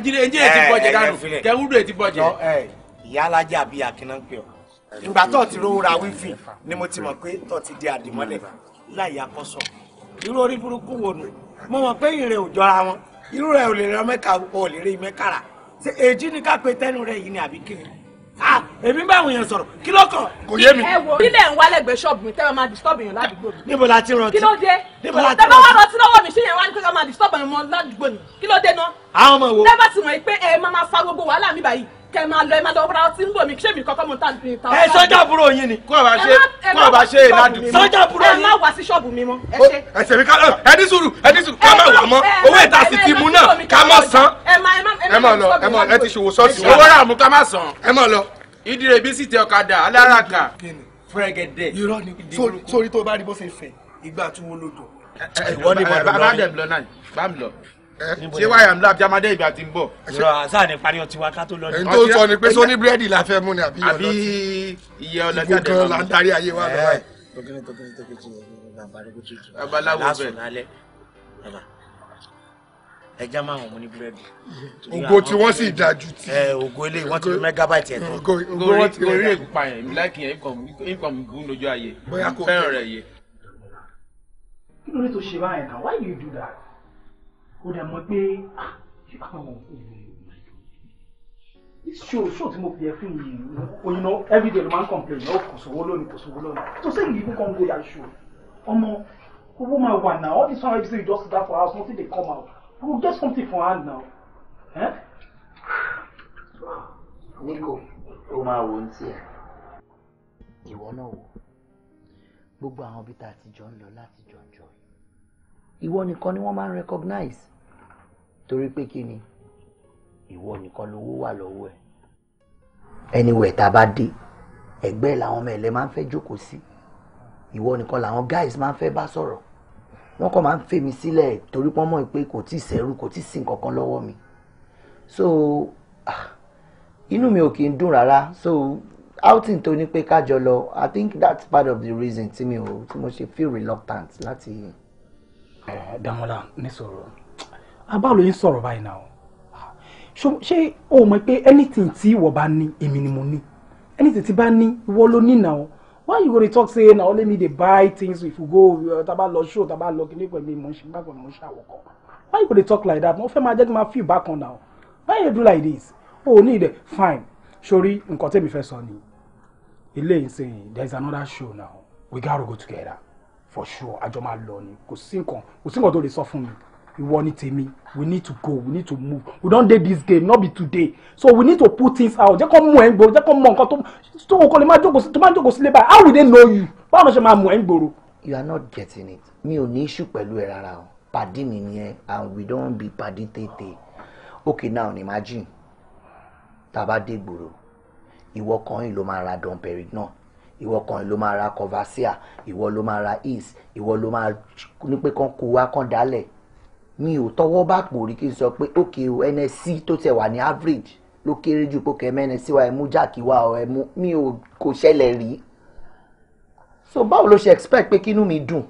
njire njire ti bọjẹ dànù tẹwúrò ti bọjẹ. ìyá alájà bíi àkínná pè ọ ìgbà tó ti rówó ra wífì ni mo ti mọ̀ pé tó ti di àdìmọ́lẹ̀ láyé akọ́sọ irú orí burúkú wo nù mo mọ̀ pé ìrìn ò jọra wọn irú rẹ̀ ò lè rán mẹ́ka ò lè rí mẹ́kàrà èjì ni ká pe tẹ́nu rẹ̀ yìí ni àbí kí ni èmi bá àwọn èèyàn sọ̀rọ̀ kí ló kàn kò yé mi. ẹ wo ilé ń wálé gbé ṣọ́ọ̀bù mi tẹ́wọ́ máa disturb èèyàn ládùúgbò mi. níbo la ti rántí kí ló dé níbo la ti rántí. tẹ́wọ́ rántí lọ́wọ́ mi ṣé yẹn wá ní pé máa disturb èèyàn ládùúgbò mi kí ló dé náà. àwọn ọmọ wo. tẹ́wọ́ ti mọ̀ pé ẹ máa máa fa gbogbo wàhálà mi báyìí kẹ máa lọ ẹ máa lọ ra ọtí ń bò mí ṣé mi kọ́kọ́ mo ta ní ta. ẹ sọjà búrò yín ni. kó bá ṣe kó bá ṣe ìlàdùn. sọjà búrò yín. ẹ má wá sí ṣọ́ọ̀bù mi mọ́. ẹ ṣe. ẹ ní sùúrù ẹ ní sùúrù ká má wà mọ́ owó ìta sì ti mu náà ká má san. ẹ má ẹ má lọ ẹ ti ṣòwò sọ́ọ̀sì. owó rà mú ká má san. ẹ má lọ. ìdílé bí sì tẹ ọ̀kadà aláràkà fúrẹ́gẹ́dẹ́. irọ́ ni sórí tó bá rí bó ṣe fẹ̀ Eh, ṣé wáyà ńlá abiyamade ìgbà tí ń bọ̀. ìrọ̀ àṣà ni parí ọtí wa ká tó lọ. ẹni tó sọ ni pé sóní búrẹ́dì la fẹ́ mú ni àbí ọlọ́tí. àbí iye ọlọ́tí àdéhùn. ìgbókan la ń darí ayé wa lọ́wọ́ ẹ̀. babaláwo bẹ̀ ẹja máa wọn mú ní búrẹ́dì. ògo tí wọ́n sì dájú tí. ẹ ògo ilé wọn ti mẹgábáìtì ẹ̀ tó. ògo wọn ti rẹ̀ orí èkúpa ó dẹ̀ mọ̀ pé ṣó ṣó tí mo fi ẹ fún yìí oyin náà everyday ló máa ń complain náà oh, kò sówó lónìí kò sówó lónìí tó sẹ́yìn yìí kò ń go yà ṣó ọmọ owó máa wà náà all this one everything you just sit for house nothing dey come out We go get something for hand now. níko ó máa wo ohun tí ẹ ìwọ náà wò gbogbo àwọn ibi tá a ti jọ ń lọ láti jọ ń jọ ìwọ nìkan ni wọ́n máa ń recognize torí pé kí ni ìwọ nìkan lówó wà lọ́wọ́ ẹ̀ anywhere tá a bá dé ẹgbẹ́ làwọn ọmọ ẹ̀lẹ́ máa ń fẹ́ jókòó sí ìwọ nìkan làwọn guys máa ń fẹ́ bá sọ̀rọ̀ wọ́n kàn máa ń fèmí sílẹ̀ torí pọ́n mọ̀ pé kò tí ì sẹ́rù kò tí ì sí nǹkan lọ́wọ́ mi so ah, inú mi ò kì í dùn rárá so outing tó ní pé kájọ lọ i think that's part of the reason tí mi ò tí mo ṣe feel reluctant láti. ẹ eh, dámọ́lá ní sọ̀rọ̀ abáwo ló ń sọ̀rọ̀ báyìí náà ṣé o mọ̀ pé anything tí ìwọ bá ní èmi ni mo ní anything tí bá ní ìwọ ló ní náà why you go dey talk say na only me dey buy things if you go taba lọ show taba lọ kini pẹ̀lú mo ṣe bá pẹ̀lú mo ṣe àwọkọ why you go dey talk like that mo fẹ́ máa jẹ́ kí n máa feel back on now why you do like this o oh, need fine sori nǹkan tẹ́mi fẹ́ sọ ni eléyìí sẹ́yìn there is another show now we gotta go together for sure àjọ máa lọ ni kò sí nǹkan kò sí nǹkan tó lè sọ fún mi ìwọ ni tèmi we need to go we need to move we don dey this game no be today so we need to put things out jẹ́ kó mú ẹ̀ ń gbòòrò jẹ́ kó mọ nǹkan tó tó o kò lè máa jókòó sí tó máa jókòó sílé báyìí how we dey know you báwo ló ṣe máa mú ẹ̀ gbòòrò. you are not getting it mi ò ní issue pẹ̀lú ẹ rárá o pàdé mi nìyẹn and we don be pàdé tètè okay now imagine tàbá dé gbòòrò ìwọ kan yìí ló máa ra dọ̀npẹ̀rì náà ìwọ kan ló máa ra conversia ìwọ ló máa ra east ìwọ ló máa ní pé kán kó wá kán dálẹ̀ mi ò tọwọ́ bá pò rí kí n sọ pé òkè o nsc tó tẹ̀ wà ní average ló kéré jù pé kẹ́mẹ́ nsc wa ẹ̀ mú wa ẹ̀ mú mi ò kò ṣẹlẹ̀ rí so báwo ló ṣe expect pé kínú mi dùn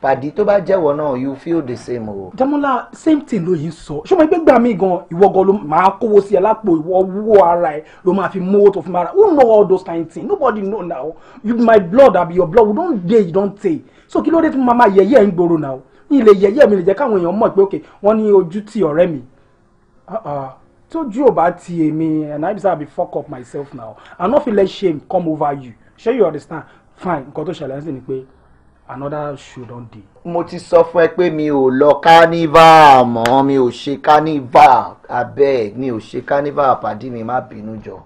pàdé ah, tó bá jẹ́wọ́ náà you feel the same o. Dàmọ́lá same thing ló yìí sọ ṣé o máa gbé gbà mí gan ìwọ gan ló máa kówó sí ẹ lápò ìwọ wúwo ara ẹ ló máa fi mówó tó fi máa ra who know all those kind things nobody know now you my blood abi your blood we don dey you don tey so kí ló dé tí mo máa yẹ̀yẹ́ ń gbòòrò now ilé yẹyẹ mi lè jẹ́ káwọn èèyàn mọ̀ pé ok wọ́n ní ojú ti ọ̀rẹ́ mi uh-uh. tójú ò bá ti èmi and i decide to fuck up myself now i no fit let shame come over you shey you understand fine nǹkan tó ṣẹlẹ̀ ẹ̀sìn ni pé another shoe don dey. mo ti sọ fún ẹ pé mi ò lọ carnival mọ́ mi ò ṣe carnival abeg mi ò ṣe carnival pàdé mi má bínú jọ.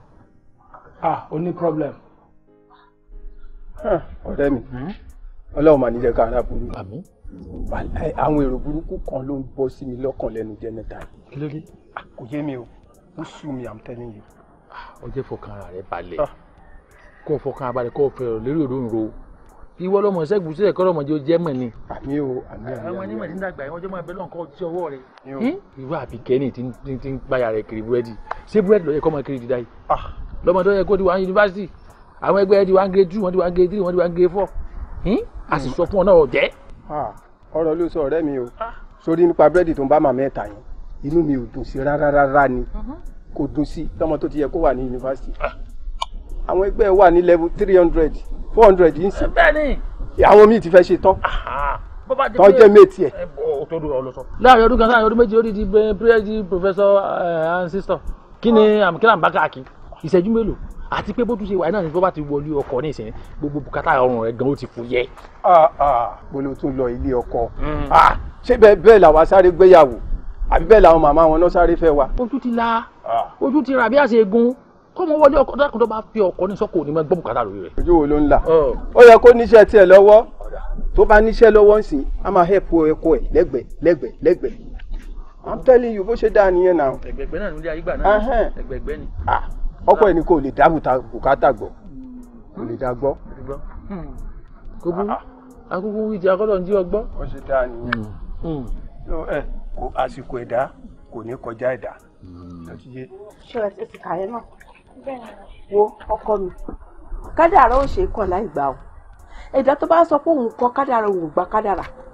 ah o ní problem. ọ̀rẹ́ mi. Hmm? ọlọ́run mà ní jẹ́ ká ara burú. àmín. àwọn èrò burúkú kan ló ń bọ́ sí mi lọ́kàn lẹ́nu jẹ́ mẹ́ta yìí. kò yé mi o ó sú mi i'm telling you. ó jẹ́ fọkàn ara rẹ balẹ̀ ah. kó o fọkàn abalẹ̀ kó o fẹ̀rọ̀ lórí òróǹro ìwọ lọmọ ṣẹ́gun sílẹ̀ kọ́ lọmọ jẹ́ jẹ́ mọ̀ ni. àmín o àmín àmín. àwọn onímọ̀ ní dàgbà ìwọ́n jẹ́ máa bẹ́ẹ̀ lọ́nkọ́ ti ọwọ́ rẹ. Hm? irú àbíkẹ́ ni ti ń gbáyà rẹ̀ kiri búrẹ́dì ṣé búrẹ́dì ló kọ́ máa kiri dídá yìí. Ah. lọ́mọdé yẹ kó ti wà yunifásitì àwọn ẹgbẹ́ ẹ ti wà ń grade two wọ́n ti wà ń grade three wọ́n ti wà ń grade four. Hm? a sì sọ fún ọ náà ọ̀jẹ́. ọ̀rọ̀ ló sọ ọ̀rẹ́ mi o sórí nípa búrẹ́dì tó ń bá màmá ẹ̀ tà yẹn inú mi ò dùn sí rárá rárá ni kò dùn sí tọmọ tó ti yẹ kó wà ní yunifásitì àwọn ẹgbẹ́ wà ní level three hundred four hundred yìí ń sìn àwọn míì ti fẹ́ ṣe tán tọ́jẹ́ méjì ẹ̀. láàrin ọdún kan sáàrin ọdún méjì ó di di eh, búrẹ́dì professor eh, ancestor kí ni àmì ah. um, kí là ń bá káàkiri ìṣẹ́jú mélòó àti pé bó tún ṣe wà náà ni bó bá ti wọlé ọkọ ní gbogbo bùkátà ọrùn rẹ gan ó ti fúyẹ́. polo ah, ah, tún lọ ilé ọkọ hmm. ah, ṣé bẹ́ẹ̀ làwa sáré gbéyàwó àbí bẹ́ẹ̀ làwọn màmá wọn náà sáré fẹ́ wa. ojú ti la ojú ti rà bí àṣẹ egun kọ́mọ wọlé ọkọ dákun tó bá fi ọkọ ní sọ́kò ní mọ́ gbọ́ bùkátà lórí rẹ̀. ojú wo ló ń là oh. ó yẹ kó níṣẹ́ tiẹ̀ lọ́wọ́ tó bá níṣẹ́ lọ́wọ́ ńsìn á máa hẹ́ẹ̀ po ẹ̀kọ́ ẹ̀ lẹ́gbẹ̀ẹ́ lẹ́gbẹ̀ẹ́ lẹ́gbẹ̀ẹ́ I'm telling you bó ṣe dáa nìyẹn náà. ẹgbẹgbẹ náà nílé ayé gbà náà ẹgbẹgbẹ ni. ọkọ ẹni kò lè dá bùkátà gbọ́ kò lè dá gbọ. Hmm. kò bú akókó ah, ah. wíjì akọ́dọ̀ ń jí ọgbọ́. ó ṣe dáa hmm. hmm. eh, kò àsìkò kò ní kọjá ti kàyé náà wo ọkọ mi ò ṣe é kàn láì gbà o tó bá sọ pé òun kọ òun gba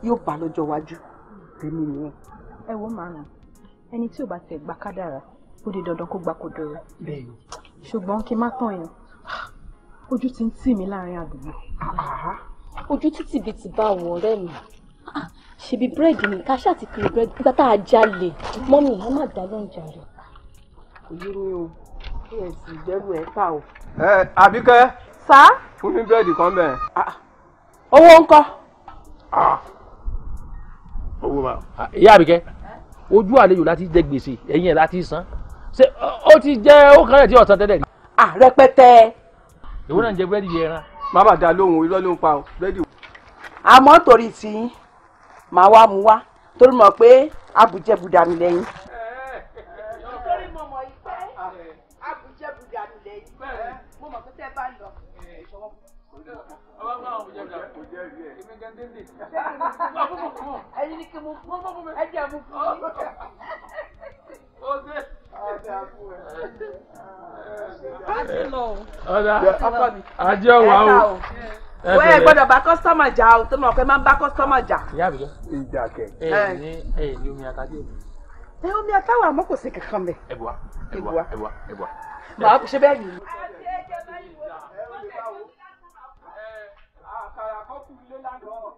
yóò bá lọjọ wájú. ó di dandan kó gba kodo rẹ̀. bẹ́ẹ̀ni. ṣùgbọ́n kí n má tàn yín ojú ti ń tì mí láàrin àdúgbò. ojú títì bíi ti bá àwọn ọ̀rẹ́ mi ah, ṣebí búrẹ́dì ni ká ṣáà ti kiri búrẹ́dì nígbà tá a jalè mọ́mì ẹ má dá lóúnjẹ rẹ̀. èyí ni o kí ẹ sì gbẹ́rù ẹ ta o. ẹ àbíkẹ́. sá. fún mi búrẹ́dì kan bẹ́ẹ̀. Ah. owó ńkọ́. Ah. owó ma ìyá àbíkẹ́ ojú àlejò láti jẹ gbèsè ẹ̀yìn ẹ̀ láti san ṣe ó ti jẹ́ o kàn rẹ̀ tí ọ̀sán tẹ́lẹ̀ rí. à rẹpẹtẹ. èwo náà ń jẹ búrẹ́dì yẹn rán. má bàa da lóhùn irọ́ ló ń pa o búrẹ́dì. àmọ́ torí tí màá wá mu wá torí mọ̀ pé abùjẹ́bùdà mi lẹ́yìn. torí mo mọ̀ yìí pé abùjẹ́bùdà mi lẹ́yìn mo mọ̀ pé tẹ́ bá lọ ìṣọwọ́. ẹyin ni kí mo fún ẹ jẹ́ mo fún ajẹ́ wà o. wọ́n ẹ gbọ́dọ̀ bá kọ́sítọ́mà jà o tó mọ̀ pé máa ń bá jà. ìyá mi ìjà kẹ. ẹ ẹ ní ẹ ní omi àtàdé mi. ẹ omi àtàwọn àmọ́ kò sí kankan bẹ̀. ẹ bùwà ẹ bùwà ẹ bùwà ẹ bùwà. màá ṣe bẹ́ẹ̀ ni. àti ẹ̀jẹ̀ báyìí wọ́n ti ń bá wọn. àkàrà lánàá.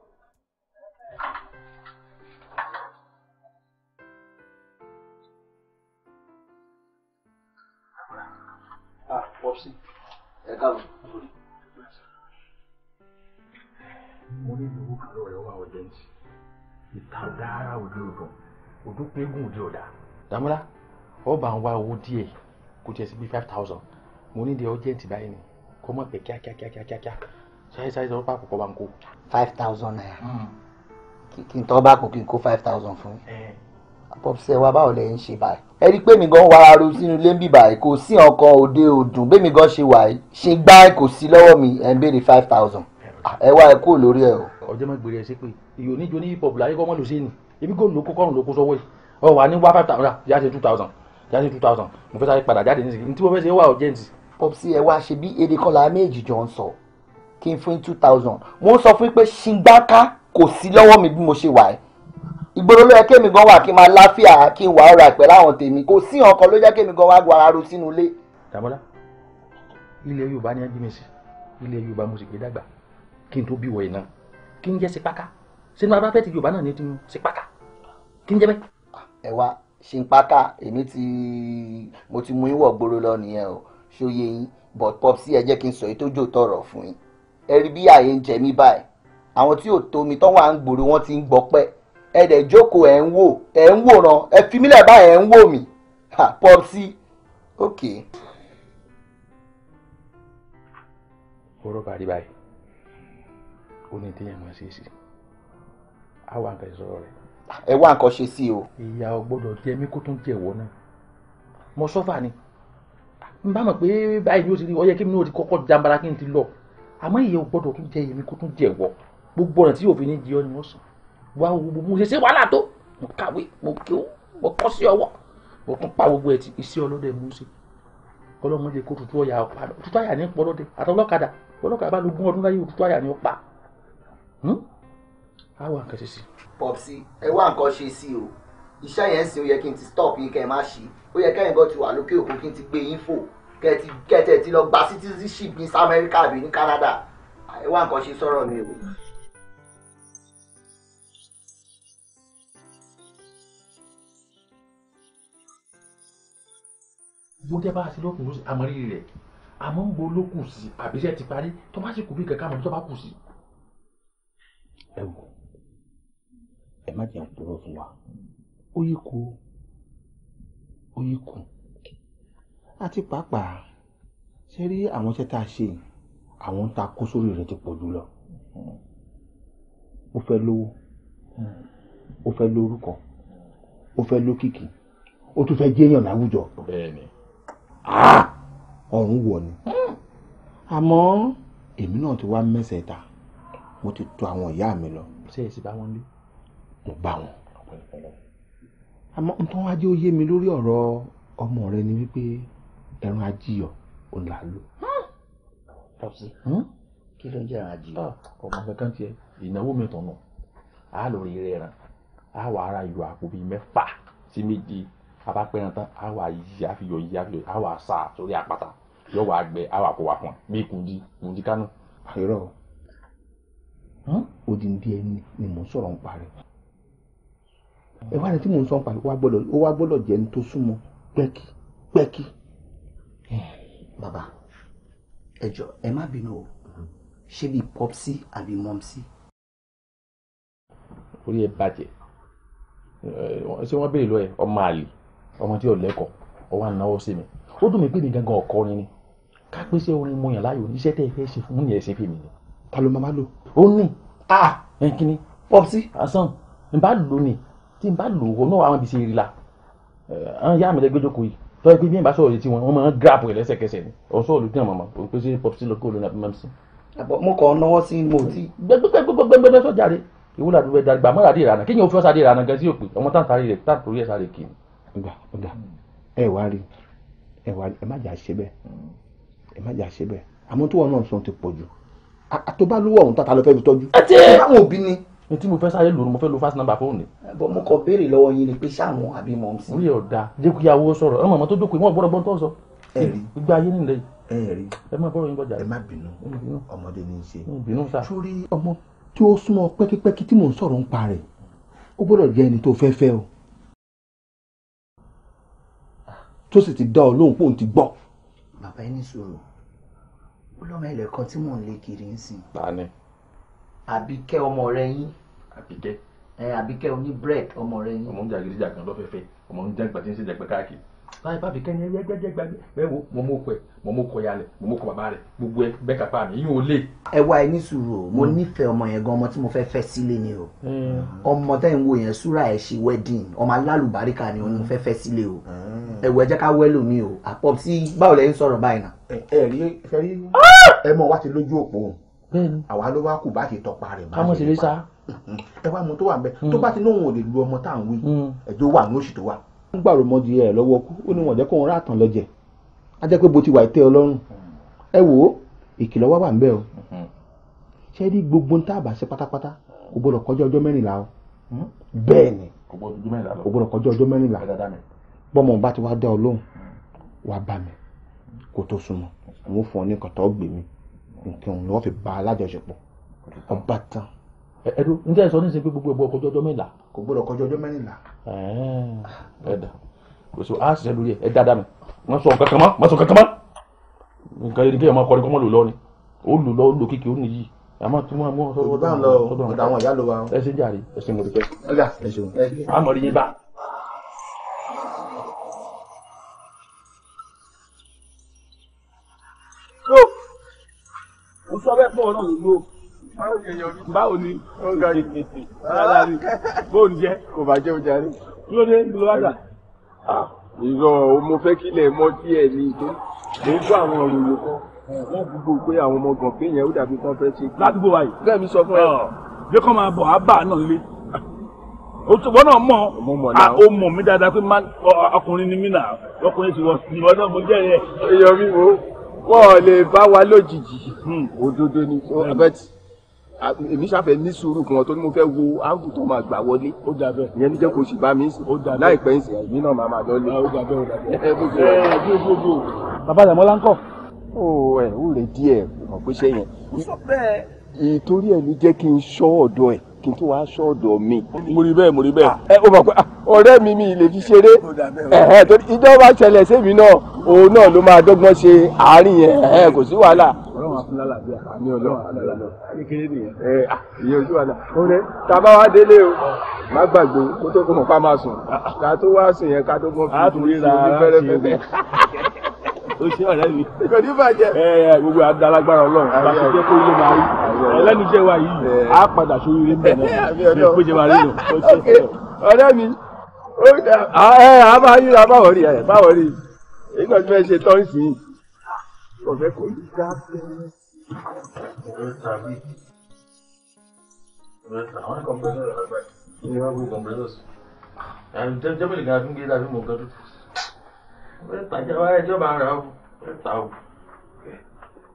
pọ́psì ẹ káàbọ̀. mo ní ìlú kan lọ́rẹ̀ wá ọ̀jẹ̀ ní ìta ọ̀dà ara òde ọ̀dọ̀ òdú pégún òde ọ̀dà. Dàmọ́lá ọba ń wá 5.000. díẹ̀ kó tiẹ̀ sí bíi five thousand mo ní ìdí ọ̀jẹ̀ǹtì báyìí ni kó mọ̀ pé kíákíákíákíá ṣáyé ṣáyé sọ pápá kọ̀ọ̀kan kó. five thousand naira kí n tọ́ bá kò kí n kó five thousand fún. ẹ àpọ̀sẹ̀ wa báwo lẹ̀ ń ṣe báyìí. ẹ rí i pé mi gan wà aró sínú ilé ń bì báyìí kò sí ọkàn òde òdùn bẹ́ẹ̀ mi gan ṣe wà yìí ṣe gbá kò sí lọ́wọ́ mi ẹ̀ ń béèrè five thousand ẹ wá ẹ kúrò lórí ẹ o. ọjọ́ mọ̀ gbèrè ẹ̀ sí pé ìyò níjó ní hip hop láyé kọ́ mọ́ lò sí ni ebi kò lóko kọ́run lóko sọ́wọ́ yìí ọ wà ní wá five thousand jáde two thousand jáde two thousand mo fẹ́ sáré padà jáde nísìnyí tí mo fẹ́ ṣe wà ọ̀jẹ̀ǹtì. popsi ẹ wá ṣe bí èdè kan làá two thousand mo ń sọ fún yín pé ṣìngbáká kò sí mi ìgboro ló yẹ kémi gan wà kí n máa láfíà kí n wà ọ̀rọ̀ àpẹ láwọn tèmi kò sí ọkọ ló jẹ́ kémi gan wà gba ara ro sínú ilé. dàbọ́lá ilẹ̀ yorùbá ni ẹ bí mi sí ilẹ̀ yorùbá mo sì gbé dàgbà kí n tó bí wọ̀nyí náà kí n jẹ́ sípáká sínú abáfẹ́ ti yorùbá náà ní ti mú sípáká kí n jẹ́ bẹ́ẹ̀. ẹ wá ṣe ń pátá èmi ti mo ti mú ìwọ̀ gbòòrò lọ nìyẹn o ṣòye yín but popsi sí ẹ jẹ́ kí n sọ èyí tó jò tọrọ fún yín ẹ rí bí àyè ń jẹ mí báyìí àwọn tí ò tó mi tán wà ń gbòòrò wọn ti ń gbọpẹ́ ẹ dẹ̀ jókòó ẹ̀ ń wò ẹ̀ ń wòran ẹ fi mílẹ̀ bá ẹ̀ ń wò mí ok. ọ̀rọ̀ parí yìí ó ní téèyàn máa ṣe é sí á wá nǹkan ìṣòro ẹ wá nǹkan ṣe sí o. ìyá ò gbọdọ jẹ mí kó tún náà mo sọfà ni n bá báyìí ti rí ọyẹ kí mi ti kọ́kọ́ kí n ti lọ àmọ́ gbọ́dọ̀ tún jẹ èmi kó tún gbogbo ọ̀nà tí yóò fi ní wá gbogbo mo ṣe ṣe wàhálà tó mo kàwé mo kí ó mo kọ́ sí ọwọ́ mo tún pa gbogbo ẹ̀ tí iṣẹ́ ọlọ́dẹ mú sí ọlọ́mọ lè kó tutù ọ̀yà ọ̀pá tutù àyà ní pọ́lọ́dẹ àtọlọ́kadà ọlọ́kadà bá lógún ọdún láyé tutù àyà ní ọ̀pá á wà nǹkan ṣe sí. pọpsi ẹ wá nǹkan ṣe sí o iṣẹ́ yẹn sì ó yẹ kí n ti stop yín kẹ́ ẹ má ṣe ó yẹ kẹ́yìn gan ti wà lókè òkun kí n ti gbé yín fò kẹ́tẹ̀ ti lọ gba citizenship ní South America àbí ní Canada ẹ wá nǹkan ṣe sọ̀rọ̀ mi o. gbogbo tẹ́ bá a ṣe lókun lóṣù àmọ́rí rẹ̀ àmọ́ ń bo lókù sí àbíṣẹ́ ti parí tó bá sì kù bí kankan àmọ́ tó bá kù sí. ẹ wò ẹ má jẹ́ àpòrọ̀ fún wa ó yí kú ó yí kú àti pàápàá ṣe rí àwọn iṣẹ́ tá a ṣe àwọn tá a kó sórí rẹ̀ ti pọ̀ jù ó fẹ́ lówó ó fẹ́ lórúkọ ó fẹ́ lókìkí ó tún fẹ́ jẹ́yàn láwùjọ. bẹ́ẹ̀ni Ah! ọ̀run wọ̀ ni hmm. àmọ́ èmi náà ti wá mẹ́sẹ̀ ta mo ti tọ̀ àwọn ìyá mi lọ. ṣé ẹ sì bá wọn lé. mo bá wọn. àmọ́ n tó wá jẹ́ ó yé mi lórí ọ̀rọ̀ ọmọ rẹ ni wípé ẹran ajíyọ̀ òun là á lò. Hmm. Hmm? kí ló ń jẹ́ ẹran ajíyọ̀. Oh. ọmọ kankan tiẹ̀ ìnáwó mi tọ̀nà á lórí rẹ̀ ràn á wà ara yọ àpò bíi mẹ́fà sí méje àbá pẹran tán a wà yí àfihàn yí àfihàn á wà sá sórí àpáta yóò wà gbẹ á wà kó wà fún bí kùdí kùdí kánú. àìrọ odindi ẹni ni mò ń sọ̀rọ̀ ń parẹ́ ẹ wá ní tí mò ń sọ ń parẹ́ ó wá gbọ́dọ̀ jẹ́ ní tó súnmọ́ pẹ́kí pẹ́kí. bàbá ẹ jọ ẹ má bínú o ṣé bíi popsi àbí mọ́msí. orí ẹ bàjẹ́ ṣé wọ́n béèrè lọ ẹ ọmọ àlè ọmọ tí ò lẹ́kọ̀ọ́ ọwọ́ ànáwó sí mi ó dùn mí pé mi gangan ọ̀kọrin ni ká pé ṣé orin mo yàn láàyò iṣẹ́ tẹ́ ẹ fẹ́ ṣe fún mi ẹ̀sìn fèmí ni. ta ló máa lò. ó ní a ẹnkíní pọpsi asan n bá lò ní tí n bá lò ó náà àwọn ibi ṣe rí la àwọn yá mi lẹ gbẹjọ kò yìí tọ́jú pé bí n bá sọ̀rọ̀ létí wọn wọ́n máa ń gíràpù ẹ̀ lẹ́sẹ̀kẹsẹ̀ ni ọ̀sọ́ olùdí àwọn ọmọ òun pé ṣé pọpsi lọ kó lónìí àbí mẹ́mísì. àbọ̀ mo kàn náwó sí mo ti. gbẹgbẹgbẹgbẹgbẹgbẹ sọjà rẹ ìwúlò àdúgbò ẹ̀dá gbàmọ́ra dé ìrànà kéèyàn ó fi ọ́ sáré ìrànà gan sí òpè ọmọ táǹtà rẹ̀ táǹtà orí ẹ̀ sáré kì í ọ̀gá ọ̀gá hmm. ẹ wá rí ẹ wá rí ẹ má jà ṣe bẹ́ẹ̀ hmm. ẹ má jà ṣe bẹ́ẹ̀ àmọ́ tó wọ́n náà sọ ti pọ̀ jù àtọ́ bá lówó ọ̀hún tàtà ló fẹ́ fi tọ́jú àti ẹ báwọn òbí ni. n tí mo fẹ́ sáré lòrùn mo fẹ́ lo fast number fóònù. bọ́ mo kọ béèrè lọ́wọ́ yín ni pé sáwọn àbí mọ̀ sí. orí ọ̀dà jẹ́ kó yàwó sọ̀rọ̀ ọmọ ọmọ tó jókòó ìwọ̀n gbọ́dọ̀ gbọ́dọ̀ tó sọ. ẹ rí gbígbá ayé nílẹ̀ yìí. ẹ rí ẹ má bọ́rọ̀ yín bọ́jà. ẹ má bínú ọmọdé ní í ṣe. bínú sá. sórí ọmọ tí ó súnmọ́ pẹ́kípẹ́kí tí mò ń sọ̀rọ̀ ń pa ó gbọ́dọ̀ jẹ́ ẹni tó fẹ́ fẹ́ o tó sì ti dá ọ lóhùn pòun ti gbọ́. bàbá ẹni sọ̀rọ̀ ó lọ́mọ ẹlẹ́kọ́ tí mò ń lé kiri ń sìn. báni. àbíkẹ́ ọmọ rẹ yín. àbíkẹ́. ẹ àbíkẹ́ oní bread ọmọ rẹ yín. ọmọ ń jà gidi jà kan lọ́fẹ̀ẹ́fẹ́ ọmọ ń jà gbàtí ń ṣe jàgbẹ́ káàkiri láì bá fi kẹ́ni ẹgbẹ́gbẹ́ bẹ́ẹ̀ wo mo mọ̀ pẹ̀ mo mọ̀ kọ ya mo mọ̀ kọ bàbá rẹ̀ gbogbo ẹ bẹ́ẹ̀ kápá mi yóò lè. ẹ wá ẹ ní sùúrù o mo hmm. nífẹ̀ẹ́ ọmọ yẹn gan ọmọ tí mo fẹ́ fẹ́ sílé ni o hmm. ọmọ tẹ́ ń wo yẹn súra ẹ̀ ṣe wedding ọmọ alálùbáríkà ni mo fẹ́ fẹ́ sílé o hmm. ẹ wọ ẹ ká wẹ́lò mi o àpọ̀ tí báwo lẹ́yìn sọ̀rọ̀ báyìí náà. ẹ rí ẹ rí ah! ẹ mọ wá ti lójú òpó àwa ló wá kù bá ti tọpa rẹ̀ bá ti rí pa ẹ wá mu tó wà ń bẹ tó bá ti ní òun ò ó gbàrò mọ́dí ẹ̀ lọ́wọ́ kú ó ní wọ́n jẹ́ kó ń ráàtàn lọ́jẹ̀ á jẹ́ pé bó ti wà ìtẹ́ ọlọ́run ẹ wò ó ìkìlọ̀ wá wà ń bẹ̀ o ṣé rí gbogbo ń tàbà ṣe pátápátá kò gbọdọ̀ kọjá ọjọ́ mẹ́rìnlá o bẹ́ẹ̀ ni kò gbọdọ̀ kọjá ọjọ́ mẹ́rìnlá bọ́mọ bá ti wá dá ọ lóhùn wá bá mi kó tó súnmọ́ n ó fún ọ ní nǹkan tó gbé nǹkan ni wọ́n fi bá alájọṣepọ̀ ọba tán. ẹ̀ẹ́dùn ní tẹ́ sọ ní sẹ́ pé gbogbo ẹ̀bùn ọkọ̀ ọjọ́ mẹ́rìnlá kò gbọ́dọ̀ kọjá ọjọ́ mẹ́rìnlá. ẹ̀dà kò sí a ṣiṣẹ́ lórí ẹ̀ da da mi wọ́n sọ kankan mọ́ wọ́n sọ kankan mọ́ nǹkan yẹn ni kéèyàn máa kọrin kọ́ mọ́ lò lọ ni ó lò lọ ó lò kéèké ó nìyí àmọ́ tí wọ́n mú ọ̀sọ́ ọ̀dọ̀ àwọn ọ̀dọ̀ àwọn ìyá ló wa. ẹ ṣe ń jàre ẹ ṣe mo dúpẹ́. ọjà ẹ ṣeun. àmọ́ rí yín bá. ó sọ bẹ́ẹ̀ fún ọ náà nílò báwo ni rárá ni bóò ń jẹ. kò bá jẹ́ ọjà rí. kí ló dé ló wá dà. ìrọ̀ mo fẹ́ kílẹ̀ mọ́ díẹ̀ ní ìdó. mo ń bá àwọn òròyìn kan wọ́n gbogbo pé àwọn ọmọ gànpé yẹn ó dàbí kan fẹ́ ṣe. ládùúgbò wa yìí. bẹ́ẹ̀ mi sọ fún ẹ. bí kò máa bọ̀ á bà náà lé. wọ́n náà mọ̀ ó mọ̀ mí dáadáa pé ọkùnrin ni mí nà ọkùnrin ti wọ̀ sí ìwọ náà mo jẹ́ yẹn. èèyàn mi wo wọn lè bá wa lójijì hmm. òdodo ni èmi ṣàfẹ́ ní sùúrù kan tó ní mo fẹ́ wo áńgù tó máa gbà wọlé. ó dàbẹ̀. ìyẹn ló jẹ́ kó sì bá mi sìn. ó dàbẹ̀ láìpẹ́ ìsìn èmi náà máa máa lọlé. Ah, ó dàbẹ̀ ó dàbẹ̀. ẹ ẹ bí o bí o bí o. bàbá àdàmọ́lá ń kọ́. ó ẹ ó rè díẹ̀ mọ̀ pé ṣẹ́yìn. ìtorí ẹ̀ ló jẹ́ kí n ṣọ́ ọ̀dọ̀ ẹ̀ kí n tó wá sọ́ọ̀dọ̀ mi. mo rí bẹ́ẹ̀ mo rí bẹ́ẹ̀. Ah, ẹ o mọ̀ pé ah, ọ̀rẹ́ mi mi lè fi ṣeré torí ìjọba ṣẹlẹ̀ sẹ́mi náà òun náà ló máa dọ́gbọ́n ṣe àárín yẹn kò sí wàhálà. ọlọ́run afúnlá làbí àmì ọlọ́run àlàlà kékeré nìyẹn. ẹ ah, ìyẹn ojú àná. ọ̀rẹ́ a bá wá délé o má gbàgbé kó tó kó mọ̀ ká máa sùn ká tó wá sùn yẹn ká tó gbọ́n fi o ṣe ọ̀rẹ́ mi. kò ní bàjẹ́. ẹ ẹ gbogbo àdàlágbára Ọlọ́run àti jẹ́ kó yé máa rí ẹlẹ́nu jẹ́ wa yìí á padà sórí rí mbẹ̀ náà bí kò jẹ́ wa rí lò ó ṣe é. ọ̀rẹ́ mi ó dà ẹ a máa yí ra báwọ̀ rí ẹ báwọ̀ rí nígbà tí wọ́n ṣe tán sí i kò fẹ́ kó yí ká Àwọn kọ̀m̀pẹ́tọ̀ rẹ̀ lọ́gbàdì. Ìyá gbogbo kọ̀m̀pẹ́tọ̀ sí. Jẹ́bẹ̀lì kan fi ń gbé láti mọ̀ nǹkan tuntun ó lè tàjà wáyé ìjọba ara ó lè tà ó.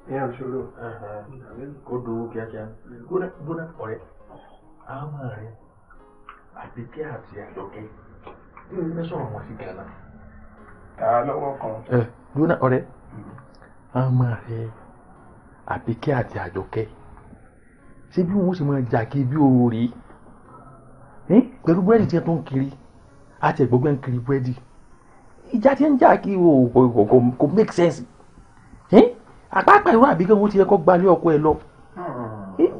ìyẹn ìṣòro kó dowó kíákíá gbóná ọ̀rẹ́ àmọ́ rẹ àti kí àti àlọ́kẹ́ bí o fẹ́ sọ̀rọ̀ wọn sí gánà. ta lọ́wọ́ kan. gbóná ọ̀rẹ́ àmọ́ rẹ àti kí àti àjọkẹ́ ṣé bí wọn ó sì máa jà kí bí o pẹ̀lú búrẹ́dì tí wọ́n tó ń kiri àti ẹ̀gbọ́gbẹ́ ń kiri búrẹ́dì ìjà tí ń jà kí o kò make sense àpapọ̀ ìwà àbíkẹ́ wọn ti yẹ kó gbalẹ̀ ọkọ ẹ lọ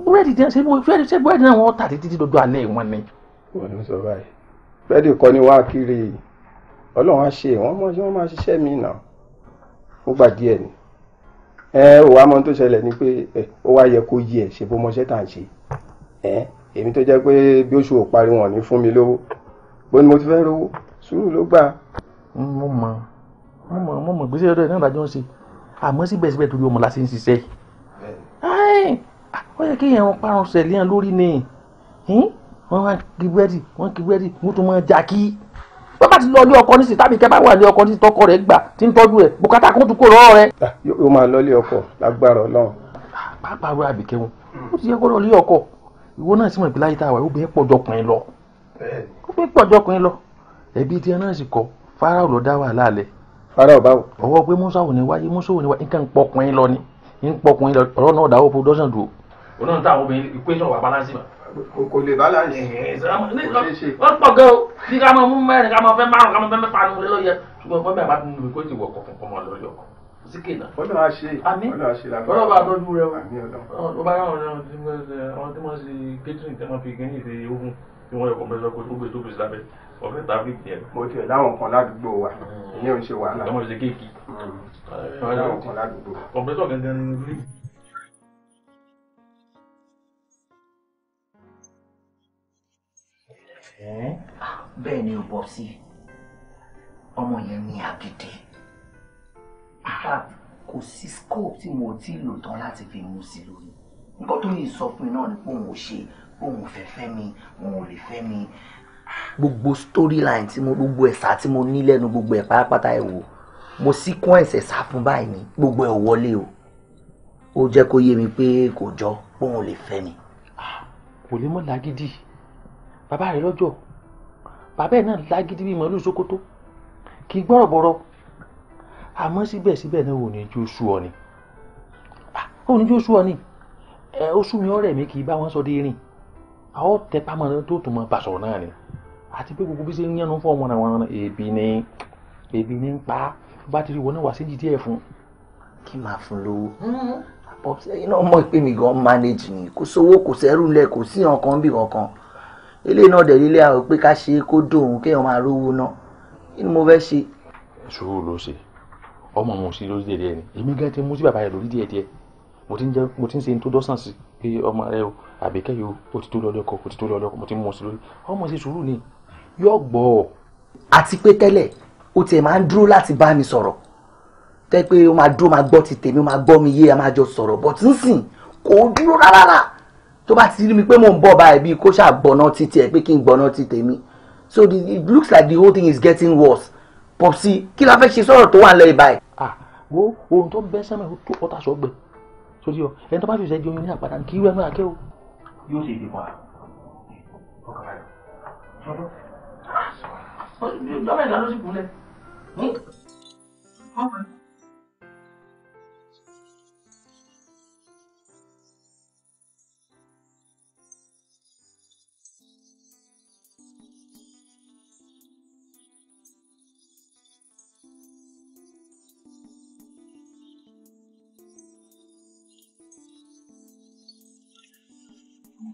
búrẹ́dì tí wọ́n ṣe búrẹ́dì náà wọ́n tà títí dodo alẹ́ wọn ni. wọ́n ń sọ báyìí búrẹ́dì kọ́ ni wọ́n á kiri ọlọ́run á ṣe wọ́n mọ̀ ṣé wọ́n máa ṣiṣẹ́ mi nà ó gbà díẹ̀ ni ẹ ò wá mọ tó ṣẹlẹ̀ ni pé ó wá yẹ kó yẹ ṣe bó mọṣẹ́ tà ń ṣe ẹ èmi tó jẹ́ pé bí oṣù ò parí wọn fún mi lówó bó ni mo ti fẹ́ rówó sùúrù ló gbà mo mọ̀ mo mọ̀ mo mọ̀ gbèsè ọ̀dọ̀ ẹ̀ náà lájọ́ ń ṣe àmọ́ síbẹ̀síbẹ̀ torí ọmọ la ṣe ń ṣiṣẹ́ ó yẹ kí èèyàn parun sẹ̀lẹ̀ hàn lórí ni wọ́n wá kí búrẹ́dì wọ́n kí búrẹ́dì wọ́n tún máa jà kí wọ́n bá ti lọ ilé ọkọ ní sí tàbí kẹ́ bá wà ilé ọkọ ní sí tọkọ rẹ̀ gbà tí ń tọ́jú rẹ̀ bùkátà kó tún kó rọ́ rẹ̀. Ah, yóò máa lọ ilé ọkọ lágbára Ọlọ́run. Ah, pàápàá rẹ àbíkẹ́ wọn ó ti yẹ kó lọ ilé ọkọ ìwọ náà sì mọ̀ ìpínlẹ̀ ayé tá a wà ó bẹ́ẹ̀ pọ̀jọkùnrin lọ ó bẹ́ẹ̀ pọ̀jọkùnrin lọ ẹbí tí ẹ náà sì kọ́ Fáráò ló dá wàhálà lẹ. Fáráò báwo. ọwọ́ pé Musa ò ní wáyé Musa ò ní wáyé nǹkan pọkùnrin lọ ni ń pọkùnrin lọ ọ̀rọ̀ náà dáwọ́ production dùn. òun náà ń ta àwọn obìnrin equation wà balance mà. kò lè balance. wọ́n pọ̀ gan o bí ká máa mú mẹ́rin ká máa fẹ́ márùn ká máa fẹ́ mẹ́fà nínú ilé lọ́yẹ ṣùgbọ́n bọ́mí àbá tún nùbí kó ti wọ̀ kọ̀ọ̀kan kọ́mọ lórí ọkọ̀ síkè náà. ọlọ́run á ṣe ọlọ́run á ṣe lànà. ọlọ́run bá tọ́jú rẹ o. ọlọ́run bá yà wọn tí wọ́n ṣe catering tí wọ́n fi gẹ́yìn ṣe ogun tí wọ́n yọkọ̀ mẹ́sàn kó tó gbé tó gbèsè lábẹ́ ọ̀fẹ́ ta bí tiẹ̀. mo tiẹ̀ láwọn kan ládùúgbò wa hmm. ìyẹn ò ń ṣe wàhálà. ọmọ ìṣe kéèkì. láwọn hmm. kan ládùúgbò. kọ̀m̀pútọ̀ gangan ní. bẹ́ẹ̀ ni ò bọ̀ sí ọmọ yẹn ní àgídí kò sí scope tí mo ti lò tán láti fi mú sí lórí nǹkan tó yìí sọ fún mi náà ni pé òun ò ṣe òun fẹ́ fẹ́ mi òun ò lè fẹ́ mi gbogbo storyline tí mo gbogbo ẹ̀sà tí mo ní lẹ́nu gbogbo ẹ̀ pátápátá ẹ̀ wò mo sequence ẹ̀sà fún báyìí ni gbogbo ẹ̀ wọlé o ó jẹ́ kó yé mi pé kò jọ òun ò lè fẹ́ mi. Ah, kò lè mọ lágídí bàbá rẹ lọ́jọ́ bàbá ẹ̀ náà lágídí bíi màálù Sókótó kì í gbọ́rọ̀ àmọ́ síbẹ̀síbẹ̀ náà ò ní jó sú ọ ni ah, ò ní jó sú ọ ni ẹ ó sú mi ọ̀rẹ́ mi kì í bá wọn sọ dé rìn a ó tẹ pamọ́ ní tó tún máa bá sọ̀rọ̀ náà ni àti pé gbogbo bí ṣe ń yànnú fún ọmọ náà wọn èbí ni èbí ni ń pa bá ti rí wọn náà wá sí gtf fún. kí máa fún lówó àpọ̀ṣẹ́ iná mọ̀ pé mi gan manage ni kò sówó kò sẹ́rù lẹ̀ kò sí ọ̀kan bí kankan eléyìí náà dẹ̀ lílé àwọn pé ká ṣe kó dòun kéèyàn máa rówó náà kí ni mo fẹ́ ṣe. sùúrù ló ṣe ọmọ mo sì lórí díẹ̀ díẹ̀ ni èmi gan ti mú sí bàbá rẹ̀ lórí díẹ̀ díẹ̀ mo ti ń ṣe tó dọ́sàn sí i pé ọmọ rẹ o àbíkẹ́ yìí ó ti tó lọ́dọ̀ ọkọ ó ti tó lọ́dọ̀ ọkọ mo ti mú sí lórí ọmọ ṣe sùúrù ni yóò gbọ́ àti pé tẹ́lẹ̀ ó tiẹ̀ máa ń dúró láti bá mi sọ̀rọ̀ tẹ́ pé ó máa dúró máa gbọ́ ti tèmi ó máa gbọ́ mi yé a máa jọ sọ̀rọ̀ bọ̀ tí kò dúró rárá tó bá ti rí mi pé mò ń bọ̀ báyìí bí kó ṣàgbọ́ná ti tiẹ̀ pé kí n gbọ́ná ti tèmi so the, it looks like the whole thing is getting worse popsi kí la fẹ́ ṣe sọ̀rọ̀ tó wà lẹ́yìn báyìí. ah wo ohun tó bẹ́ sẹ́mi tó ọ̀tá sọ sórí ọ ẹni tó bá ṣiṣẹ́ di oyin ní àpáta kì í wẹ́nu àkẹ́ o. yóò ṣe ìdìbò àná ọkàn rẹ ọdún dọ́bẹ̀ ìdánilóṣù kúnlẹ̀.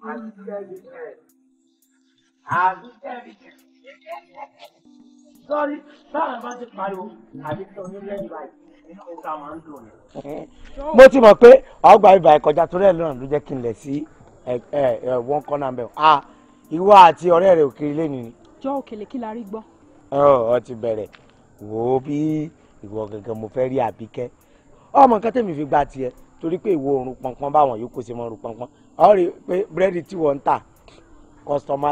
I'll be there with her. I'll be there with Sorry, táwọn bá ti pariwo àbí tó ní lẹ́yìn báyìí nínú ọ̀gá máa ń dùn ni. Mo ti mọ̀ pé ọgbà bíbá ìkọjá torí ẹ̀ lọ́nà ló jẹ́ kí n lẹ̀ sí wọ́n kọ́ náà bẹ̀rù. À ìwọ àti ọ̀rẹ́ rẹ̀ òkèèrè lé nìyí. Jọ òkèlè kí la rí gbọ́. Ọ ti bẹ̀rẹ̀ wò ó bí ìwọ gangan mo fẹ́ rí Àbíkẹ́. Ọmọ nǹkan tẹ̀mí fi gba tiẹ̀ torí pé ìwọ òrùn pọnpọ́n báwọn yòókù ṣe mọ́ òrùn pọnpọ́n ọ rí pé búrẹ́dì tí wọ́n ń tà kọ́sítọ́mà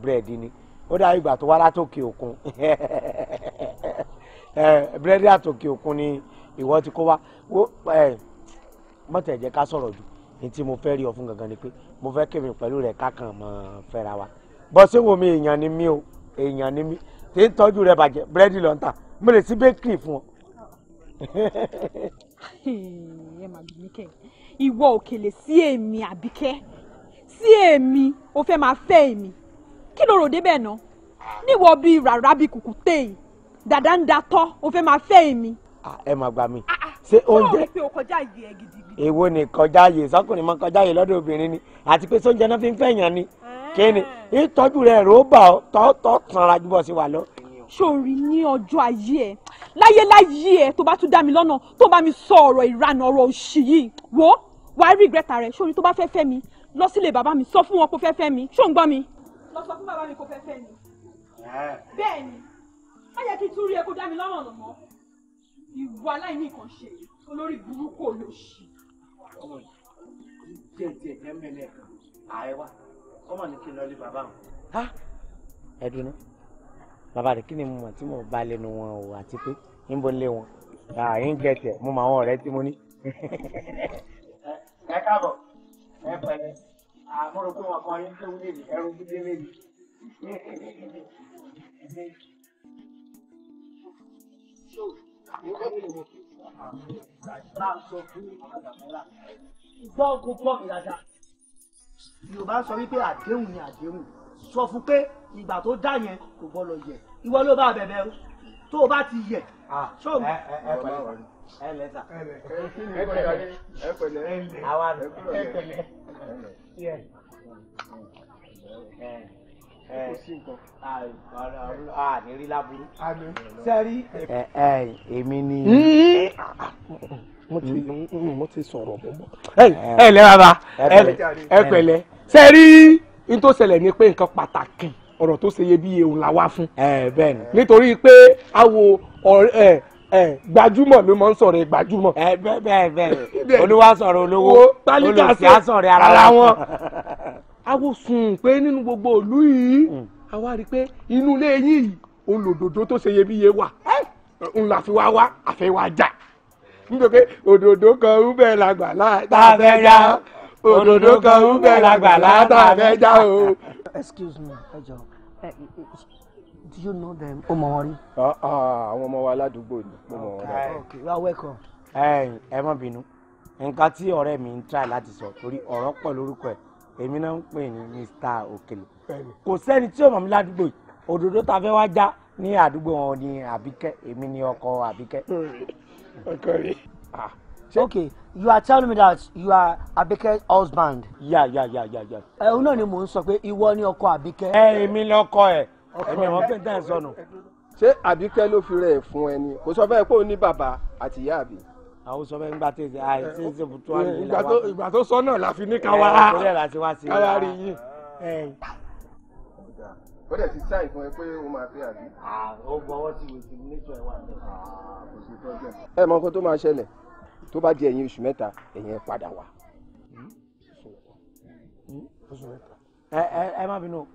búrẹ́dì ni ó dàbí ìgbà tó wá látòkè òkun eh, búrẹ́dì àtòkè òkun ni ìwọ ti kó wá eh, mọ̀tẹ̀ jẹ́ ká sọ̀rọ̀ jù ní tí mo fẹ́ rí ọ fún gangan ni pé mo fẹ́ kémi pẹ̀lú rẹ̀ kákan mọ́ fẹ́ra wa bọ́ sí wo mi èèyàn ni mí o èèyàn ni mí tí ń tọ́jú rẹ̀ bàjẹ́ búrẹ́dì ló ń tà mo lè sí bẹ́ẹ̀kì fún ọ. ẹ máa bí mi kẹ́ ẹ ìwọ òkèlè sí èmi àbíkẹ́ sí èmi o fẹ́ máa fẹ́ èmi kí ló rò débẹ̀ náà níwọ bíi rárá bíi kùkù téè dàdá ń datọ́ o fẹ́ máa fẹ́ èmi. Ah, ẹ máa gbà mí ah, ah, ṣé oúnjẹ èwo ni kọjá yìí sọkùnrin máa kọjá yìí lọ́dọ̀ obìnrin ni àti pé sóúnjẹ náà fi ń fẹ̀yàn ni eh. kí ni ìtọ́jú rẹ̀ ròóbà tọ́ tọ́ sanra jù bọ́ sí wa lọ sórí ní ọjọ́ ayé ẹ̀ láyé láyé ẹ̀ tó bá tún dá mi lọ́nà tó bá mi sọ ọ̀rọ̀ ìranà ọ̀rọ̀ òṣì yìí wò ó wà á regret rẹ sórí tó bá fẹ́ fẹ́ mi lọ sílé bàbá mi sọ fún wọn kó fẹ́ fẹ́ mi ṣó ń gbọ́ mi. lọ sọ fún bàbá mi kó fẹ́ fẹ́ mi. Eh. bẹ́ẹ̀ ni má jẹ́ kí n tún rí ẹ kó dá mi lọ́rùn ọ̀nà mọ́ ìwà aláìní kan ṣe olórí burúkú olóṣì. díẹ̀ díẹ̀ jẹ́ mẹ́lẹ̀ àìwá ọmọ ní kí n lọ lé bàbá mi. ẹ dunu bàbá rẹ kí ni mo mọ̀ tí mo bá lẹ́nu wọn o àti pé ń bọ́ lé wọn àyìn gẹ̀tẹ̀ mo mọ àwọn ọ̀rẹ́ tí mo ní. ẹ káàbọ̀ ẹ pẹ̀lẹ́ àmúrò pé wọn kan yín tó wúlé mi ẹrú gbígbé méjì. gbọ́ kó pọ̀ mi yorùbá sọ wípé àdéhùn ni àdéhùn sọ fún pé ìgbà tó dá yẹn kò gbọ́ yẹ ìwọ ló bá bẹ̀bẹ̀ o tó o bá ti yẹ. Ah, ẹ ẹ ẹ ẹ lẹ sà. ẹ pẹ̀lẹ́ ẹ pẹ̀lẹ́ àwa rẹ ẹ pẹ̀lẹ́ yẹ ẹ ẹ a ní rí láburú. sẹ́rí ẹ ẹ èmi ni. mo ti sọ̀rọ̀ mo bọ̀. ẹ lẹ bàbá ẹ pẹ̀lẹ́ sẹ́rí n tó ṣẹlẹ̀ ni pé nǹkan pàtàkì ọ̀rọ̀ tó ṣe iyebíye òun la wá fún. ẹ bẹ́ẹ̀ ni. nítorí pé a wo ọ̀rẹ́ ẹ gbajúmọ̀ ló máa ń sọ̀rọ̀ gbajúmọ̀. ẹ bẹ́ẹ̀ bẹ́ẹ̀ bẹ́ẹ̀ olúwa sọ̀rọ̀ olówó olùsí àsọ̀rẹ̀ ara wọn. awo sùn pé nínú gbogbo ìlú yìí àwa mm. rí i pé inú ilé yín yìí òun tó ṣe iyebíye wà òun là fi wá wá àfẹ́ wá jà nítorí pé òdòdó kan ń bẹ̀ làgbà láàbẹ̀ já òdòdó kan ń bẹ̀ làgbà láàbẹ̀ já o. excuse me ẹ jọ̀ọ́ Do you know them? o wọn rí. Ah, ah, àwọn ọmọ wa aládùúgbò ni mo okay you are welcome. ẹ má bínú nǹkan tí ọ̀rẹ́ mi ń try láti sọ torí ọ̀rọ̀ pọ̀ lórúkọ ẹ̀ èmi náà ń pè ní Mr. Okele kò sẹ́ni tí ò mi ládùúgbò yìí òdòdó ta fẹ́ wá já ní àdúgbò wọn ni Àbíkẹ́ èmi ni ọkọ Àbíkẹ́. ọkọ ah, you are telling me that you are Abike's husband. ya ya ya ya ya. ẹ̀ òun náà ni mò ń sọ pé ìwọ ni ọkọ Àbíkẹ́. ẹ èmi ni ọkọ ẹ̀ ẹni àwọn fẹ́ dá ẹ sọnù. ṣé àbíkẹ́ ló fi rẹ̀ fún ẹ ni kò sọ fẹ́ pé ó ní bàbá àti ìyá àbí. àwọn sọ fẹ́ ń gbà tètè àìsí ṣe butu àmì ìlà wa. ìgbà tó sọ náà la fi ní káwa káwa rí yín. ó dẹ̀ ti sáì fún ẹ pé ó máa fẹ́ àbí. ó gbọ́wọ́ sí wèsì nítorí ẹ̀ wà ní. ẹ mọ nǹkan tó máa ṣẹlẹ̀ tó bá di ẹ̀yìn oṣù mẹ́ta ẹ̀yìn padà wá. Hmm? Hmm? ẹ ẹ má bínú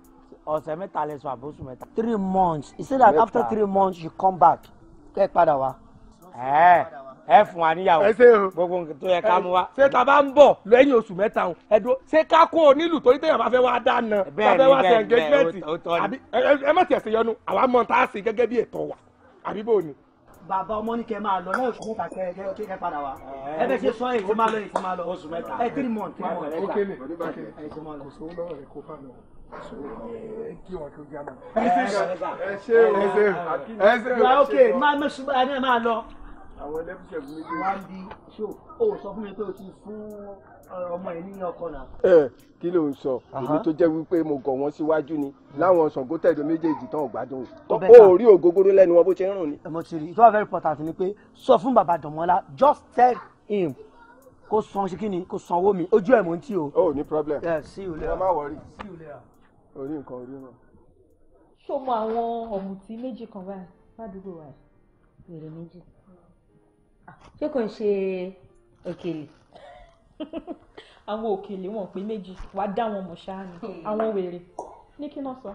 ọ̀sẹ̀ mẹ́ta lẹ sọ àbóṣù three months he said that after three months you come back kẹ́ ẹ padà wá. ẹ ẹ fún wa níyàwó gbogbo nǹkan tó yẹ ká mú wa. ṣé ta bá ń bọ̀ lẹ́yìn oṣù mẹ́ta o ẹ̀dọ́ ṣé ká kó o nílùú torí téèyàn bá fẹ́ wá dáná bá fẹ́ wá ṣe engagement àbí ẹ má tiẹ̀ ṣe yọnu àwa mọ̀ tá a ṣe gẹ́gẹ́ bí ètò wa àbí bò ni. bàbá ọmọ ní kẹ máa lọ náà oṣù mẹ́ta kẹ kẹ kẹ padà wá ẹ bẹ ṣe sọ èyí máa lọ èyí máa lọ oṣù mẹ́ta ẹ three months three months àwọn ẹlẹ́bùsẹ̀bù méjì wá ń di ṣó o sọ fún mi pé o ti fún ọmọ ẹ ní ọkọ náà. ẹ kí ló ń sọ èmi tó jẹ́ wípé mo gọ̀ wọ́n síwájú ni láwọn ṣàngótẹ̀dọ̀ méjèèjì tán ọ̀gbádùn o rí ògógóró lẹ́nu wọn bó ṣe ń rùn ni. mo ti rí ìtọ́wọ́ very important ni pé sọ fún bàbá dọ̀mọ́lá just tell him kó san ṣe kí ni kó sanwó mi ojú ẹ̀ mò ń tì o. oh ní problem. ẹ sí ìwúlẹ̀ ọ má ìwúlẹ̀ ọ orí nǹkan orí náà. ṣó mọ àwọn ọ̀mùtí méjì kan báyìí ládùúgbò wa wèrè méjì ṣé kò ń ṣe òkèlè àwọn òkèlè wọn pé méjì wàá dá wọn mọ̀ ṣáá ni àwọn wèrè ní kí náà sọ.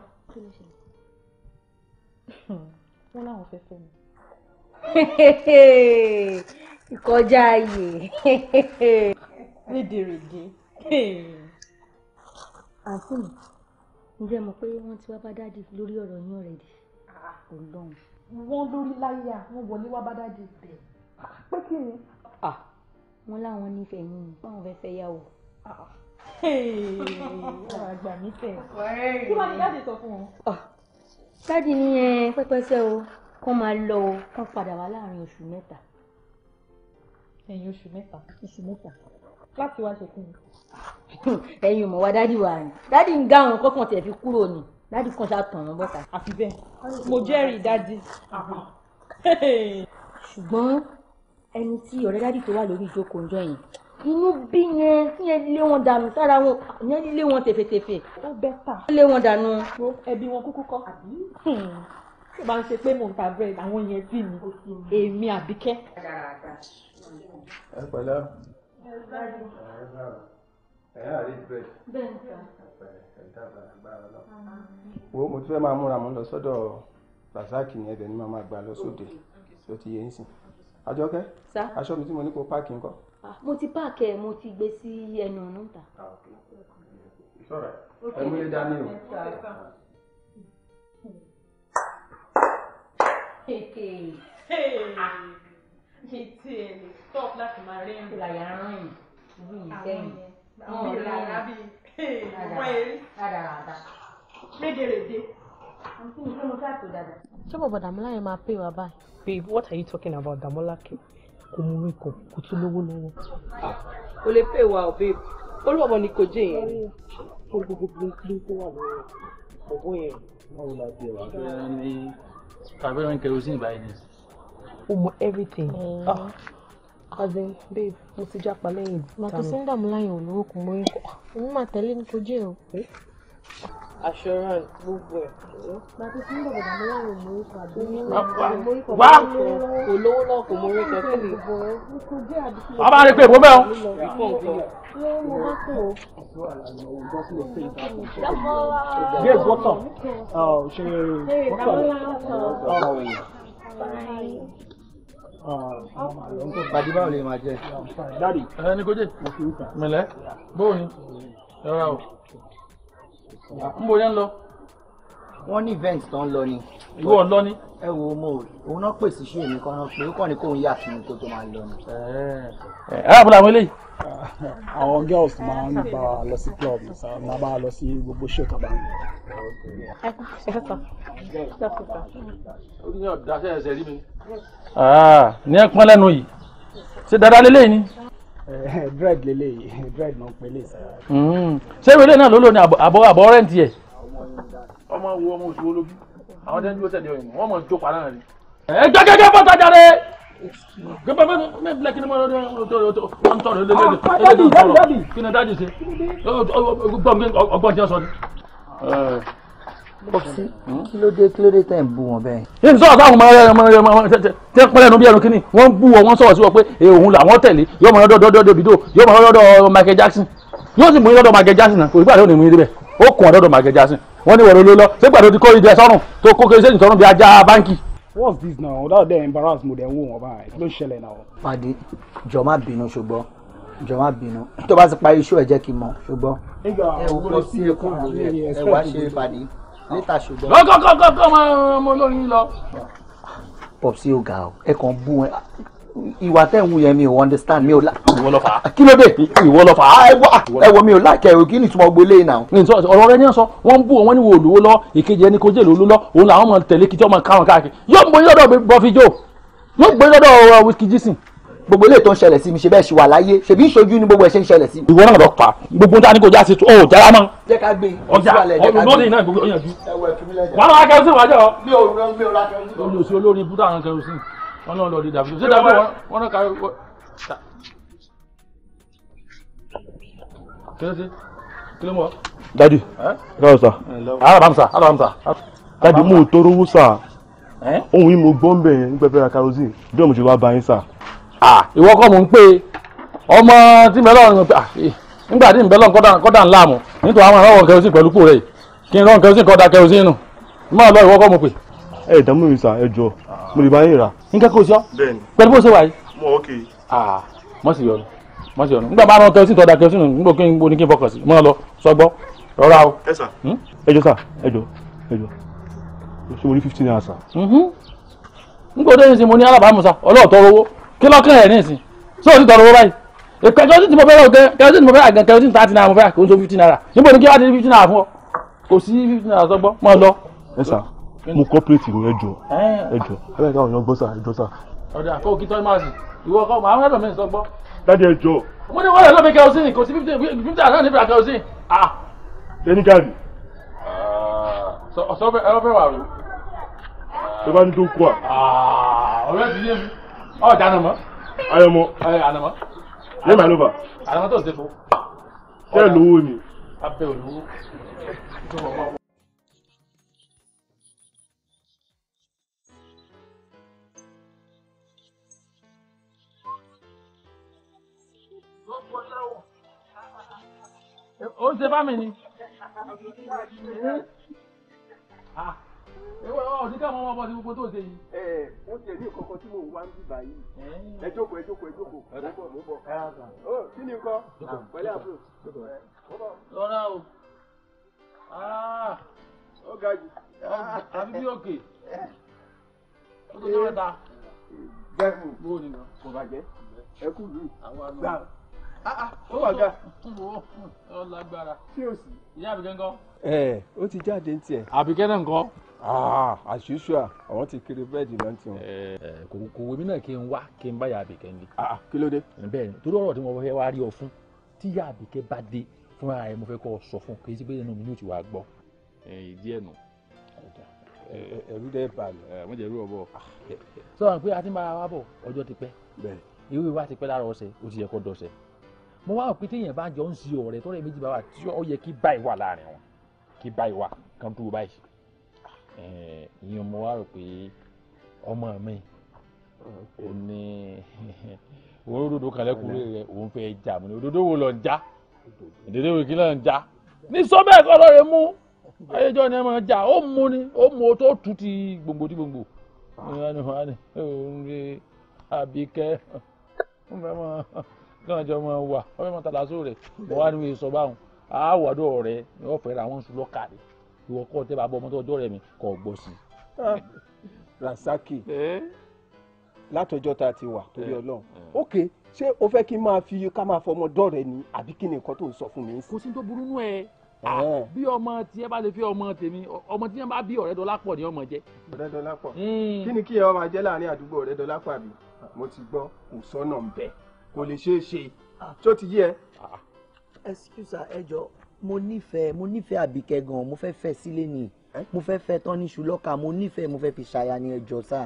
wọ́n láwọn fẹ́ fẹ́ mi. ìkọjá ayè rédèrèdè àǹtí mi ǹjẹ́ mọ̀ pé wọ́n ti wá bá dáàdì lórí ọ̀rọ̀ yín already. Ah, ọlọ́run. wọ́n lórí láyà wọ́n wọlé wá bá dáàdì ah, pé kí ni. Ah, wọ́n láwọn nífẹ̀ẹ́ yín ni báwọn fẹ́ fẹ́ yàwó. àgbà mi tẹ̀. kí wàá ní dáàdì sọ fún wọn. dáàdì ni pẹ́pẹ́sẹ́ o kán máa lọ o kán padà wá láàrin oṣù mẹ́ta. ẹ̀yìn oṣù mẹ́ta. oṣù mẹ́ta. láti wá ṣe fún mi. ẹ̀yin mọ̀ wá dádì wa ni dádì ń gáwọn kọ́kàn tẹ̀ fi kúrò ni dádì kan ṣàtàn án bọ́ta. àfi bẹ́ẹ̀ mo jẹ́rìí dádì. ṣùgbọ́n ẹni tí ọ̀rẹ́ dádì tó wà lórí ìjókòó ń jọ yẹn inú bí yẹn kí yẹn lé wọn dànù sára wọn yẹn lé wọn tẹ̀fẹ̀tẹ̀fẹ̀. ó bẹ́ tà. lé wọn dànù. ẹbí wọn kúkú kọ́. àbí tó bá ń ṣe pé mò ń ta bread àwọn yẹn bí mi èmi àbíkẹ́. ẹ pẹ̀lẹ́. ẹ pẹ̀lẹ́ ẹ̀yà rí bẹ́ẹ̀. bẹ́ẹ̀ sà. àpẹẹrẹ ẹ̀dá agbára lọ. wo mo ti fẹ́ máa múra mo lọ sọ́dọ̀ rasaki ní ẹbẹ̀ ni màá máa gbà lọ sóde tó ti yé ń sìn. àjọkẹ́ aṣọ mi tí mo ní kó páàkì ńkọ́. mo ti páàkì ẹ̀ mo ti gbé sí ẹnu ọ̀nà ta. ìṣọ̀rọ̀ ẹ̀ mú lé dání o. ètè ètè stop láti máa rí ìlàyà rán yìí ìlú sẹ́yìn àwọn bíi rárá bíi ọ̀pọ̀ eré rédèrèdè. ṣé bàbá babe what are you talking about Damola, kì kò mú orí kan kò tún lówó o lè pè wá o babe olúwọ̀bọ ni kò jẹ́ yẹn. ó gbogbo gbogbo tó wà lórí ọ̀bọ yẹn. báwo la ti wà bẹ́ẹ̀ ni abẹ́rẹ́ ń kẹrosínì báyìí ni. o mọ everything. Oh cousin babe mo ti jápa lẹ́yìn ìdíta mi. màtò sínú láyìn olówó kò mọ ikọ òun máa tẹ̀lé ní kojú ẹ̀ o. assurance gbogbo ẹ̀. màtò sínú bàbá mi láyìn olówó kò àbí mi. wá olówó náà kò mọ ikọ kí ni. wàá bá rí pé ìbò bẹ́ẹ̀ o. Yes, what's up? Oh, she. Hey, pàdé báwo lè máa jẹ. dáàdì ẹ ní kó jẹ mẹlẹ bóò ni rárá o n bò yẹn lọ. wọ́n ní event tó ń lọ ni. ìwọ ọ̀ lọ ni. ẹ wo mo òun náà pèsè sí èmi kan náà pé ó kàn ní kóun yà kí n kó tó máa lọ ni. ẹ ẹ àbúrò àwọn eléyìí àwọn girls máa ń bá a lọ sí club máa bá a lọ sí gbogbo show tó bá ń lọ. Ah, ní ẹpọn lẹ́nu yìí ṣé dáadáa lélẹ́yìí ni. Eh, dread lélẹ́yìí dread náà pé lè. Hmm. ṣé ìwé ilé náà ló lò ní àbọ̀ àbọ̀ rẹ́ǹtì ẹ̀. ọmọ wo ọmọ oṣù wo àwọn tẹ́ńtì ó tẹ̀lé wọ́n mọ̀ ń tó pa ẹ jẹ́ gẹ́gẹ́ bọ́ta jáde gbẹ́bẹ́ bẹ́ẹ̀ bẹ́ẹ̀ kí ni mo rọ wọ́n tọ̀ lé lédè lédè tọ̀rọ̀ kí ni dájú ṣe ọgbọ́n tí wọ́n sọ ni. bọ́sí kí ló dé kí ló dé tẹ̀ ń bú wọn bẹ́ẹ̀. yìí sọ̀rọ̀ sáwọn ọmọ ẹ̀rọ ọmọ ẹ̀rọ ọmọ tẹ́ pẹ́lẹ́ nu bí ẹnu kínní wọ́n bú wọn wọ́n sọ̀rọ̀ sí wọn pé òun làwọn tẹ̀lé yóò mọ̀ lọ́dọ̀ Davido yóò mọ̀ lọ́dọ̀ Michael Jackson yóò sì mú yín lọ́dọ̀ Michael Jackson náà kò sí gbàdúrà ò ní mú yín débẹ̀ ó kùn ọ̀dọ̀ Michael Jackson wọ́n ní wọ́n ló lọ sígbà tó ti kó ìdẹ sọ́rùn tó kó kéré sẹ́yìn sọ́rùn bí ajá báńkì what's this now that dey embarrass mo dey ń wò wọ́n báyìí ló ń ṣẹlẹ̀ náà. pàdé jọ má bínú ṣùgbọ́n jọ má bínú tó bá ti parí iṣu ẹ jẹ́ kí n mọ̀ ṣùgbọ́n. ẹ wò ó sí ẹkún rẹ ẹ wá ṣe pàdé níta ṣùgbọ́n. kọ́kọ́ kọ́kọ́ máa ń mọ lórí ga ọ ẹ kàn bú ìwà tẹ̀ ń wù yẹn mi ò understand mi ò la. ìwọ lọ fà á. kí ló dé ìwọ lọ fà á ẹ wọ ẹ wọ mi ò la kẹ kí ni tí mo gbé lẹ́yìn náà. ní sọ ọ̀rọ̀ rẹ ní sọ wọ́n bú wọn ní wo olówó lọ ìkejì ẹni kojé lòlú lọ òun làwọn máa tẹ̀lé kí tí wọ́n máa káwọn káàkiri yóò gbé lọ́dọ̀ bọ́fí jò yóò gbé lọ́dọ̀ uh, wíkì jísìn gbogbo ilé tó ń ṣẹlẹ̀ sí mi ṣe bẹ́ẹ̀ ṣe wà láyé ṣèbí ìṣojú ni gbogbo ẹ̀ ṣe ń ṣẹlẹ̀ sí mi. ìwọ náà lọ pa gbogbo ní àníkó jáde tó ọ̀ oh, jára mọ́. jẹ́ ká gbé ọjà olóde náà gbogbo ọ̀yàn jù. wàá máa wọn náà lọ di dàbí ṣé dàbí wọn náà kárí wọn. kílẹ̀ sí kílẹ̀ mọ́. dadi káwọ sá alábàámu sá alábàámu sá. dadi mo tọrọ owó sá ohun yìí mo gbọ́ ń bẹ̀ yẹn nígbà fẹ́ra kerosene bí ọmọ ìṣèlú abayín sá. ìwọ kọ́ mo ń pè ọmọ tí mẹ́lọ́ọ̀ ń pè eh, nígbà tí mẹ́lọ́ọ̀ kọ́dà ńlá mu nítorí àwọn àwọn kerosene pẹ̀lú kúrẹ́ yìí kí n rán kerosene kọ́dà kerosene nù má lọ ìwọ kọ́ mo pè. ẹ ẹ dààmú mi sà ẹ jọ mo lè bá yín rà nǹkan kò sí ọ pẹ̀lú bó ṣe wà yìí. mo ok. mọ̀ sí yọnu mọ̀ sí yọnu nígbà bá rán kẹrọsìn tọ́da kẹrọsìn nígbà kí n bo ni kí n fọkàn sí mọ́ lọ sọgbọ́ rọra o. Hmm? ẹ sà ẹ jọ sà ẹ jọ ẹ jọ ṣé mo ní fifteen naira sà. Mm-hmm. nígbà òde nísìnyí mo ní alábàámusa ọlọ́ọ̀tọ́ owó kí lọ́kàn ẹ̀ nísìnyí sóò ní tọrọ owó báyìí kẹrọsìn tí mo fẹ́ rẹ̀ kẹrọsìn tí mo fẹ́ àgàn kẹrọsìn thirty naira mo fẹ́ àkóso fifteen naira níbo ni kí wàá di fifteen naira fún ọ kò sí fifteen naira sọgbọ́ Mo lọ. ẹ sà mo cooperative ni ẹjọ ẹjọ ẹbẹ káwọn èèyàn gbọ́ sà ẹjọ sà. ọ̀dà kó o kí tọ́jú máa sìn ìwọ kọ́ àwọn ẹ̀bẹ̀ mi sọ gbọ́. dájú ẹjọ. mo ní wọ́n rẹ̀ lọ́bẹ̀ kerosene kò sí fífítà náà níbi kerosene. ẹni káàdì. ọ̀sọ́ ẹ fẹ́ wà rú. ẹ bá ní tó kú à. ọ̀rẹ́ ti yé mi ọ̀dà ànàmọ́. ayọ̀mọ́. ànàmọ́. yé màá ló bà. ànàmọ́ tó ń ṣe fún. ṣé ẹ lówó ni. abẹ́ òlówó. ó ń ṣe fámì ni. Ah. Ewé ọ̀dí ká àwọn ọmọ ọmọ gbogbo tó ṣe yìí. Ẹ wọ́n ti ẹ̀mí kankan tí mò ń wá ń bíbà yìí. Ẹ jókòó ẹ jókòó ẹ jókòó. Mo bọ̀ mo bọ̀. Ó kí ni nǹkan? Pẹ̀lú àbúrò. Lọ́ra o. Ah. Ó ga jù. Ah. Àbí bí òkè. Eh. Ó tó tó mẹ́ta. Bẹ́ẹ̀ni. Bó o nìkan. Kò bàjẹ́. Ẹ kú lù. Àwọn àgbà. Ah, ah. ó wà ga. ó lágbára. ṣé o sì. ìyá àbíkẹ́ ńkọ́. ẹ ó ti jáde ní tiẹ̀. àbíkẹ́ náà ńkọ́. Ah, as usual àwọn ti kiri bẹ́ẹ̀dì náà ti wọn. kò wèmí náà kí n wá kí n bá ya àbíkẹ́ ní. kí ló dé. bẹ́ẹ̀ ni torí ọ̀rọ̀ tí mo fẹ́ wá rí ọ fún tí ya àbíkẹ́ bá dé fúnra rẹ mo fẹ́ kọ́ ọ sọ fún kì í sí pé ẹnu mi ní òtí wàá gbọ́. ìdí ẹ̀ nù ẹrú dẹ balẹ̀. wọ́n jẹ́ ẹrú ọ̀bọ. sọ wọn pé a ti máa wá bọ̀ ọjọ́ ti pẹ́. bẹ́ẹ̀. ìwé wa ti pẹ́ lára ọ̀sẹ̀ ó ti yẹ kó dọ̀sẹ̀ mo wá òpin téèyàn bá jọ ń ṣe ọ̀rẹ́ tọ́rẹ́ méjì bá wà tí ó yẹ kí báyìí wà láàrin wọn kí báyìí wà kan dúró báyìí ìyẹn mo wá rò pé ọmọ mi ò ní òun òdodo kan lẹ́kùnrin rẹ̀ òun fẹ́ jà mí òdodo wo lọ ń já òdodo wo kí lọ ń já ní sọ́bẹ̀ kọ́ lọ́ọ́ mú ayéjọ́ ni ẹ máa jà ó mú ni ó mú o tó tu ti gbòǹgbò ti gbòǹgbò ìyẹn ni wọ́n á òun rí Àbíkẹ́ ń fẹ́ máa náà jọ mọ wà ọmọ ìmọ̀ tàdá sóò rẹ̀ mo wá níwèé sọ báwọn àwọ̀dọ̀ rẹ̀ ni wọ́n fẹ́ra wọn sùn lọ́kà rẹ̀ ìwọ kọ́ tẹ́ bá bọ́ ọmọ tó ọjọ́ rẹ̀ mi kọ́ gbọ́ sí. Rasaki eh? látọjọ́ tá ti wà torí eh, Ọlọ́run eh. ok ṣé o fẹ́ kí n máa fi ká máa fọmọ dọ̀rẹ́ ni àbí kí ni nǹkan tó ń sọ fún mi. kò sí tó burú nú ẹ ah, bí ọmọ tí ẹ bá lè fi ọmọ tèmi ọmọ tí ẹ bá bí ọ̀rẹ́ dọlápọ̀ ni ọmọ jẹ. ọ̀rẹ́ dọlápọ̀ hmm. kí ni kí ẹ ọmọ jẹ láàrin àdúgbò ọ̀rẹ́ dọlápọ̀ àbí ah. mo ti gbọ́ kò sọnà ń kò lè ṣeé ṣe tó ti yé ẹ. excuse ah. ẹ jọ mo nífẹ̀ẹ́ mo nífẹ̀ẹ́ àbíkẹ́ gan-an mo fẹ́ fẹ́ sílé ni mo fẹ́ fẹ́ tán ní ṣùlọ́ka mo nífẹ̀ẹ́ mo fẹ́ fi ṣaya ah, ní ẹjọ́ sáà.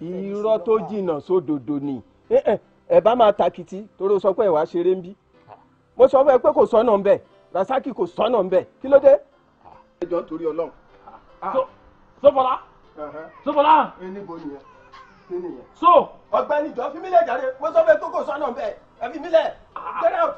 irọ́ tó jìnnà sódodo ni eh, eh, ẹ bá máa takìtì torí o sọ pé ẹ wá ṣeré ń bí mo sọ fún ẹ pé kò sọ́nà ń rasaki kò sọ́nà ń bẹ̀ kí ló dé. ẹ jọ ń torí Ọlọ́run. sọfọlá sọfọlá. ẹ níbo nìyẹn sí nìyẹn. so ọ̀gbẹ́ni jọ fi mílẹ̀ jáde mo sọ fẹ́ tó kò sọ́nà bẹ́ẹ̀ ẹ fi mílẹ̀ get out.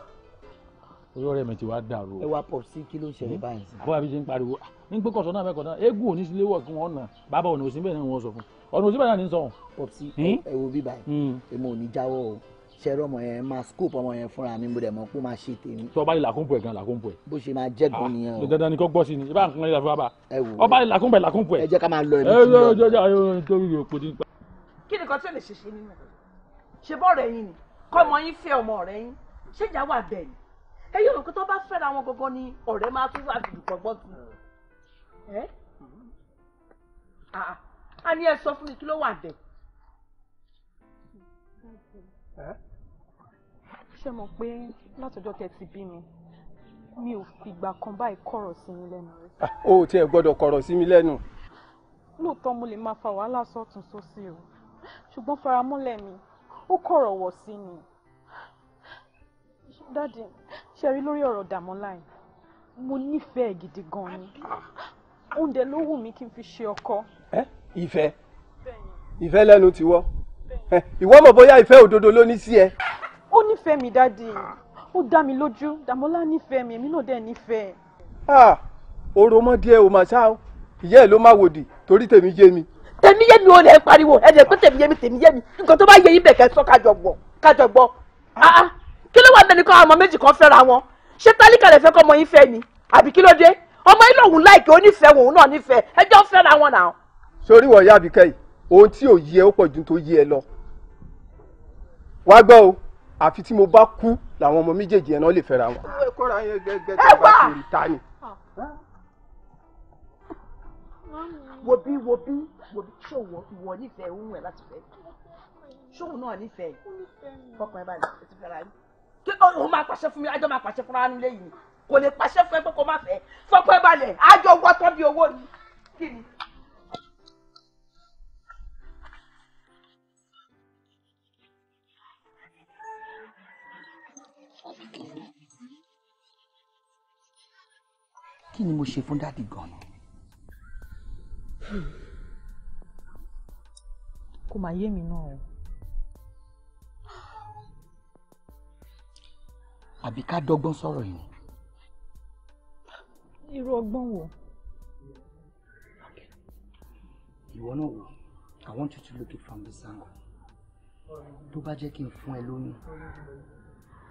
orí ọ̀rẹ́ mi ti wá dàrú. ẹ wá pọ̀ sí kí ló ṣẹlẹ̀ báyìí. àbúrò àbí ṣe ń pariwo ní pé kọ̀sán náà mẹ́kọ̀ọ́ náà eégún òní sílé wọ̀ kí wọ́n nà bàbá ọ̀nà òsínbẹ̀ náà wọ́n sọ fún ọ̀nà òsínbẹ̀ náà ní sọ. pọ̀ sí ẹ wo bí báyìí èmi ò ní jáwọ́ o ṣẹrọ ọmọ yẹn máa scoop ọmọ yẹn fúnra mi mo dẹ̀ mọ̀ kó máa ṣe tèmi. tó o bá lè làkúnpọ̀ ẹ̀ gan làkúnpọ̀ ẹ̀. bó ṣe máa jẹ́ gan nìyẹn o. dandan ni kò gbọ́ sí ni ibà nǹkan ìlà fún wa bá. ẹ wò ó ọba lè làkúnpọ̀ ẹ̀ làkúnpọ̀ ẹ̀. ẹ jẹ́ ká máa lọ ẹ̀mí tí ń lọ. ẹ jọjọ ayọ̀ nítorí òpó ti ń pa nìkan tí ò lè ṣe ṣe nínú ṣe bọ́ ọ̀rẹ́ yín ni kọ́mọ yín fẹ́ ọmọ ọ̀rẹ́ yín ṣèjà wà bẹ́ẹ̀ ni ẹ̀yin òrùkú tó bá fẹ́ra wọn gbogbo ni ọ̀rẹ́ máa tún wà dùdùkọ̀ gbọ́ sí ẹ́ a ní ẹ sọ fún mi kí ló wà bẹ́ẹ̀. ṣé mo pé látọjọ́ tẹ́ ti bí mi mi ò fìgbà kan báyìí kọ̀rọ̀ sí mi lẹ́nu rẹ. Ah, o ò tiẹ̀ gbọ́dọ̀ kọ̀rọ̀ sí mi lẹ́nu. lóòótọ́ mo lè máa fa wàhálà sọ́tún sósì o ṣùgbọ́n faramọ́lẹ̀ mi ó kọ̀rọ̀ wọ̀ sí ni dáàdi ṣe rí lórí ọ̀rọ̀ Dàmọ́lá yìí mo nífẹ̀ẹ́ gidi gan ni ah. oúnjẹ ló wù mí kí n fi ṣe ọkọ. ẹ ìfẹ́ ìfẹ́ lẹ́nu tiwọ́ ìwọ mọ̀ bóyá ìfẹ́ òdodo ló ní sí ẹ. ó nífẹ̀ẹ́ mi dáàdi ó dá mi lójú Dàmọ́lá nífẹ̀ẹ́ mi èmi náà dẹ̀ nífẹ̀ẹ́. Ah, oromọdé o màṣá o ìyá ẹ ló má wòdì torí tèmi jẹ mi tèmi yé mi ò lè pariwo ẹ̀ lè pé tèmi yé mi tèmi yé mi nǹkan tó bá yé yín bẹ̀ kẹ́ sọ kájọ gbọ́ kájọ gbọ́ ah, ah kí ló wà bẹ́ẹ̀ nìkan ọmọ méjì kan fẹ́ra wọn ṣé tálíkà lè fẹ́ kọ́ ọmọ yín fẹ́ ni àbí kí ló dé ọmọ yín lòun láìkè onífẹ̀ẹ́ òun náà nífẹ̀ẹ́ ẹjọ́ fẹ́ra wọn náà. sórí wọ̀nyí àbíkẹ́ yìí ohun tí ò yẹ ó pọ̀ ju tó yẹ lọ wá gbọ́ o àfi tí mo bá kú làwọn ọmọ méjèèjì yẹn náà lè fẹ́ra wọn. ẹ wá wo bí wo bí wo bí ṣòwò ìwọ nífẹ̀ẹ́ òun ẹ̀ láti fẹ́ ṣòwò náà nífẹ̀ẹ́ fọkàn ẹ balẹ̀ ètò ìfẹ́ ra yín kí òun máa pàṣẹ fún mi àjọ máa pàṣẹ fúnra nílé yìí kò lè pàṣẹ fún ẹ pé kò má fẹ́ fọkàn ẹ balẹ̀ àjọ wọ́tọ́ bí owó ni kí ni. kí ni mo ṣe fún dáàdì gan-an kò máa yé mi náà o. àbí ká dọ́gbọ́n sọ̀rọ̀ yìí. irú ọgbọ́n wo. ìwọ náà wò I want you to look it from this angle. tó bá jẹ́ kí n fún ẹ lóyún.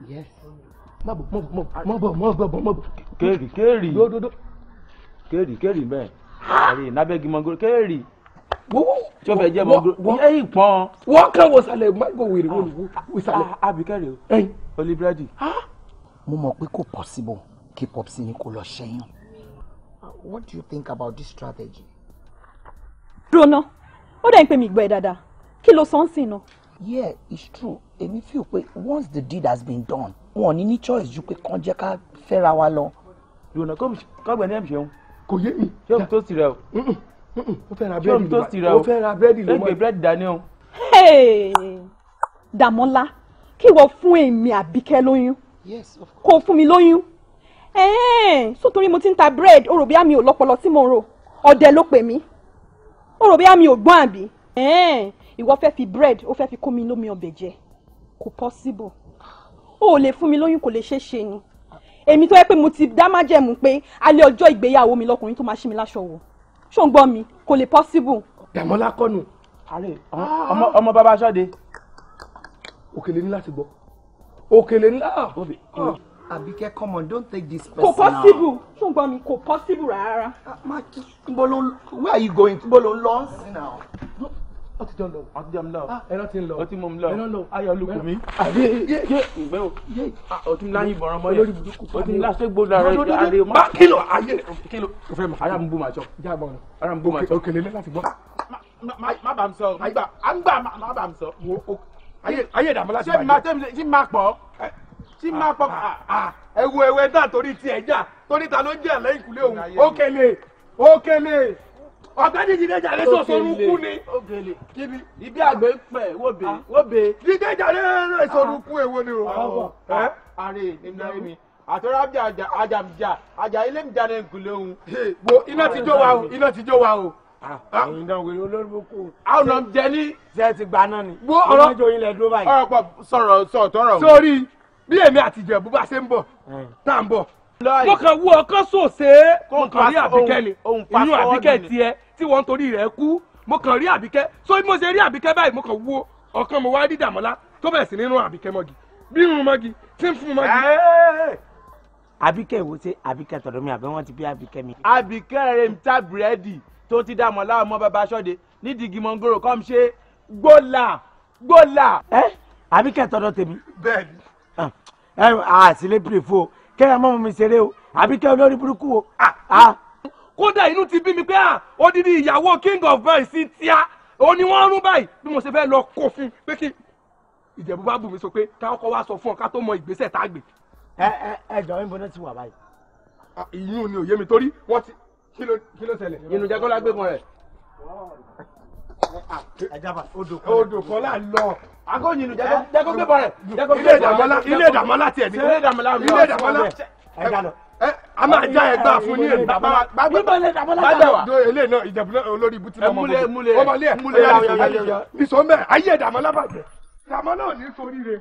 yes. mọ̀ bọ̀ mọ̀ bọ̀ mọ̀ bọ̀ mọ̀ bọ̀ kéèrì kéèrì kéèrì kéèrì bẹ́ẹ̀ ẹ̀rí nabẹ́gi mọ́ngòrò kéèrì tí o fẹ́ jẹ́ mọ́ngòrò ẹ̀yìn pọ́n. wọ́n kàn wọ sàlẹ̀ mango wèrè wọ́n sàlẹ̀. abikẹ́rẹ́ ah, o olè búrẹ́dì. mo mọ̀ pé kò possible kí popsi ni kò lọ ṣẹ́yàn. what do you think about this strategy? rona ó dẹ̀ ń pè mí gbọ́ ẹ dáadáa kí ló sọ ń sìn náà. yeah it's true èmi feel pé once the deed has been done wọn ò ní ní choice ju pé kàn jẹ́ ká fẹ́ra wa lọ. rona kọ́gbẹ̀ni ẹ̀ ń ṣeun kò yé mi. ṣé omi tó sì rẹ o. ó fẹ́ ra búrẹ́dì ló máa ó fẹ́ ra búrẹ́dì ló máa ẹgbẹ́ búrẹ́dì dání o. Dàmọ́lá kí wọ́n fún èmi Àbíkẹ́ lóyún kó fún mi lóyún so torí mo ti ń ta búrẹ́dì o rò bí àmì ò lọ́pọlọ tí mo rò ọ̀dẹ̀ ló pè mí o rò bí àmì ò gbọ́n àbí ìwọ fẹ́ fi búrẹ́dì o fẹ́ fi kó mi lómi ọbẹ̀ jẹ kò possible o ò lè fún mi lóyún kò lè ṣeé ṣe ni èmi tó yẹ pé mo ti dá májẹ̀mú pé alẹ́ ọjọ́ ìgbéyàwó mi lọkùnrin tó máa ṣí mi láṣọ wọ̀ ṣó ń gbọ́ mi kò lè possible. dàmọ́lá kọ́nù ọmọ bàbá aṣọ́de òkèlè ní láti gbọ́ òkèlè ní láti gbọ́. àbíkẹ́ come don't take this person. kò possible ṣó ń gbọ́ mi kò possible rárá. má kí n bọ́ ló where are you going n bọ́ lọ ń náà ó ti jọ lọ. ó ti jọ mi lọ. Ah, ẹran ti ń lọ. ó ti mú mi lọ. ẹran lọ. ayọ̀ olùkùnmí. ǹgbẹ́ o. ó ti ń láyìn bọ̀rọ̀ mọ́ yẹn. ó ti ń láṣẹ́ gbódò ara rẹ̀ àrẹ o. má kìlọ̀ ah, ayé rẹ̀. kìlọ̀ o fẹ́ mọ̀ ara mi bú màá jọ. jábọ̀ rẹ̀ ara mi bú màá jọ. òkèlè lẹ́ láti gbọ́. má bàa mi sọ àgbà má bàa mi sọ. ayé ìdààmú láti bàjẹ́. ṣé máa pọ̀ tí eh. máa pọ̀ ẹ̀wù ẹ̀wù ẹ̀dá torí tiẹ̀ jà torí ta ló jẹ́ àlẹ́ ìkúlé òun. òkèlè òkèlè ọ̀gá ní ìdílé jàre tó sorun kú ni. kíbi ibi àgbẹ̀ pẹ̀ wóbe ah. wóbe. ìdílé jàre rẹ̀ sorun ah. kú èwo ni o. ààrẹ ah, eh? nígbà mi àtọ́rọ́ àjà àjàmjà àjà ilé mi jáde nkùlé òun. wo iná ti jó wa o iná ti jó wa o. ẹ̀yin náà wèrè olórúkọ kù. àwọn ọ̀nà jẹ ní. ṣe ti gba náà ni. wo ọ̀rọ̀ ọ̀rọ̀ pọ̀ sọ̀rọ̀ sọ̀tọ̀rọ̀. sórí bí èmi àtijọ́ ìbúba ṣe ń bọ̀ eh. tá à ń bọ̀ kọkàn wú ọkàn sòsè mo kàn rí àbíkẹ́ ni inú àbíkẹ́ tiẹ̀ tí wọ́n ń torí rẹ̀ kú mo kàn rí àbíkẹ́ so bí mo ṣe rí àbíkẹ́ báyìí mo kàn wú ọkàn mo wá rí Dàmọ́lá tó bẹ̀rẹ̀ sí nínú àbíkẹ́ mọ́gi bí irun mọ́gi tí ń fún mọ́gi. àbíkẹ́ ìwọ ṣe àbíkẹ́ tọ̀dọ̀ mi àbẹ́ wọ́n ti bí àbíkẹ́ mi. àbíkẹ́ rẹ̀ ń ta búrẹ́dì tó ti Dàmọ́lá ọmọ bàbá aṣọ́de nídìí gímọ̀ngòrò kọ́ mi ṣe gbólà gbólà. ẹ àbíkẹ́ tọ̀dọ̀ tèmi kẹ́ ẹ mọ́mọ́ mi ṣeré o àbí kẹ́ olórí burúkú o. Ah, ah. kódà inú ti bí mi pé ah, odidi ìyàwó king of boys sí tíá ó ní wọ́n rún báyìí bí mo ṣe fẹ́ lọ kó fún pé kí ìjẹ̀bú bá bù mí sọ pé táwọn kọ́ wá sọ fún ọ ká tó mọ ìgbésẹ̀ tá a gbé. ẹ ẹ ẹ jọ̀wé níbo náà ti wà báyìí. ìyún ni òye mi torí wọ́n ti kí ló ṣẹlẹ̀. inú jẹ́ kó rẹ̀. odò kọ́lá lọ akóyinu jẹ́kọ́ gbé bọ̀rẹ̀ ilé ìdàmọ́lá ilé ìdàmọ́lá tiẹ̀ ní ilé ìdàmọ́lá ilé ìdàmọ́lá ẹ̀dá lọ a máa já ẹgbà fún ní èdè bàbá bàbá bàbá do ilé náà ìjẹ̀bù olórí ibùtí náà mọ̀ bọ́sọ̀ ọmọlé ẹ̀ múlẹ̀ ẹ̀ nísọ̀ mẹ́ ayé ìdàmọ́lá bàjẹ́ ìdàmọ́lá ò ní sóríire.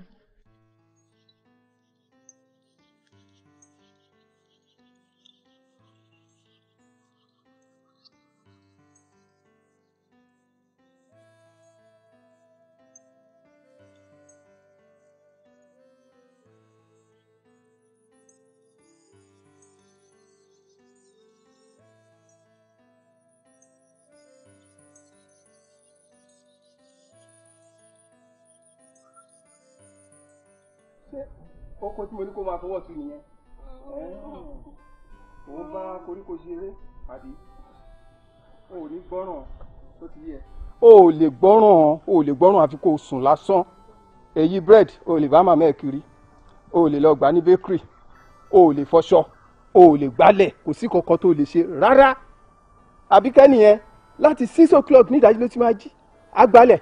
kókó tí mo ní kó máa fọwọ́ tu nìyẹn òun mm. bá koríko ṣeré àbí o ò ní gbọ́ràn tó ti yẹ. o ò lè gbọ́ràn o ò lè gbọ́ràn àfi kó o sùn lásán èyí bread o lè bá màmá ẹ̀ kiri o lè lọ gbà ní bakery o lè fọṣọ o lè gbálẹ̀ kò sí kankan tó lè ṣe rárá àbíkẹ́ni yẹn láti six o'clock ní ìdájí ló ti máa jí á gbálẹ̀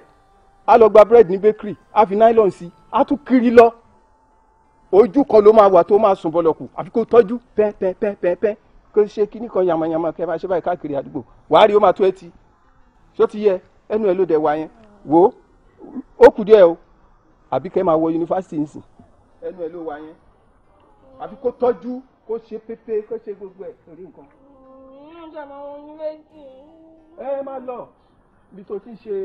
lọ gba bread ní bakery á fi nylon sí A á tún kiri lọ ojú kan ló máa wà tó máa sùn bọ́lọ̀kù àfi kó tọ́jú pẹ́ẹ́pẹ́ẹ́pẹ́ẹ́pẹ́ kó ṣe kíní kan yamayama kẹ́ máa ṣe báyìí káàkiri àdúgbò wàá rí ó máa tó ẹtì ṣó ti yẹ ẹnu ẹ ló dẹ̀ wá yẹn wò ó kù díẹ̀ o àbí kẹ́ máa wọ yunifásitì nsìn ẹnu ẹ ló wá yẹn àfi kó tọ́jú kó ṣe pépé kó ṣe gbogbo ẹ̀ torí nǹkan. inú ìjà máa wọ yunifásitì. ẹ máa lọ ibi tó ti ṣe.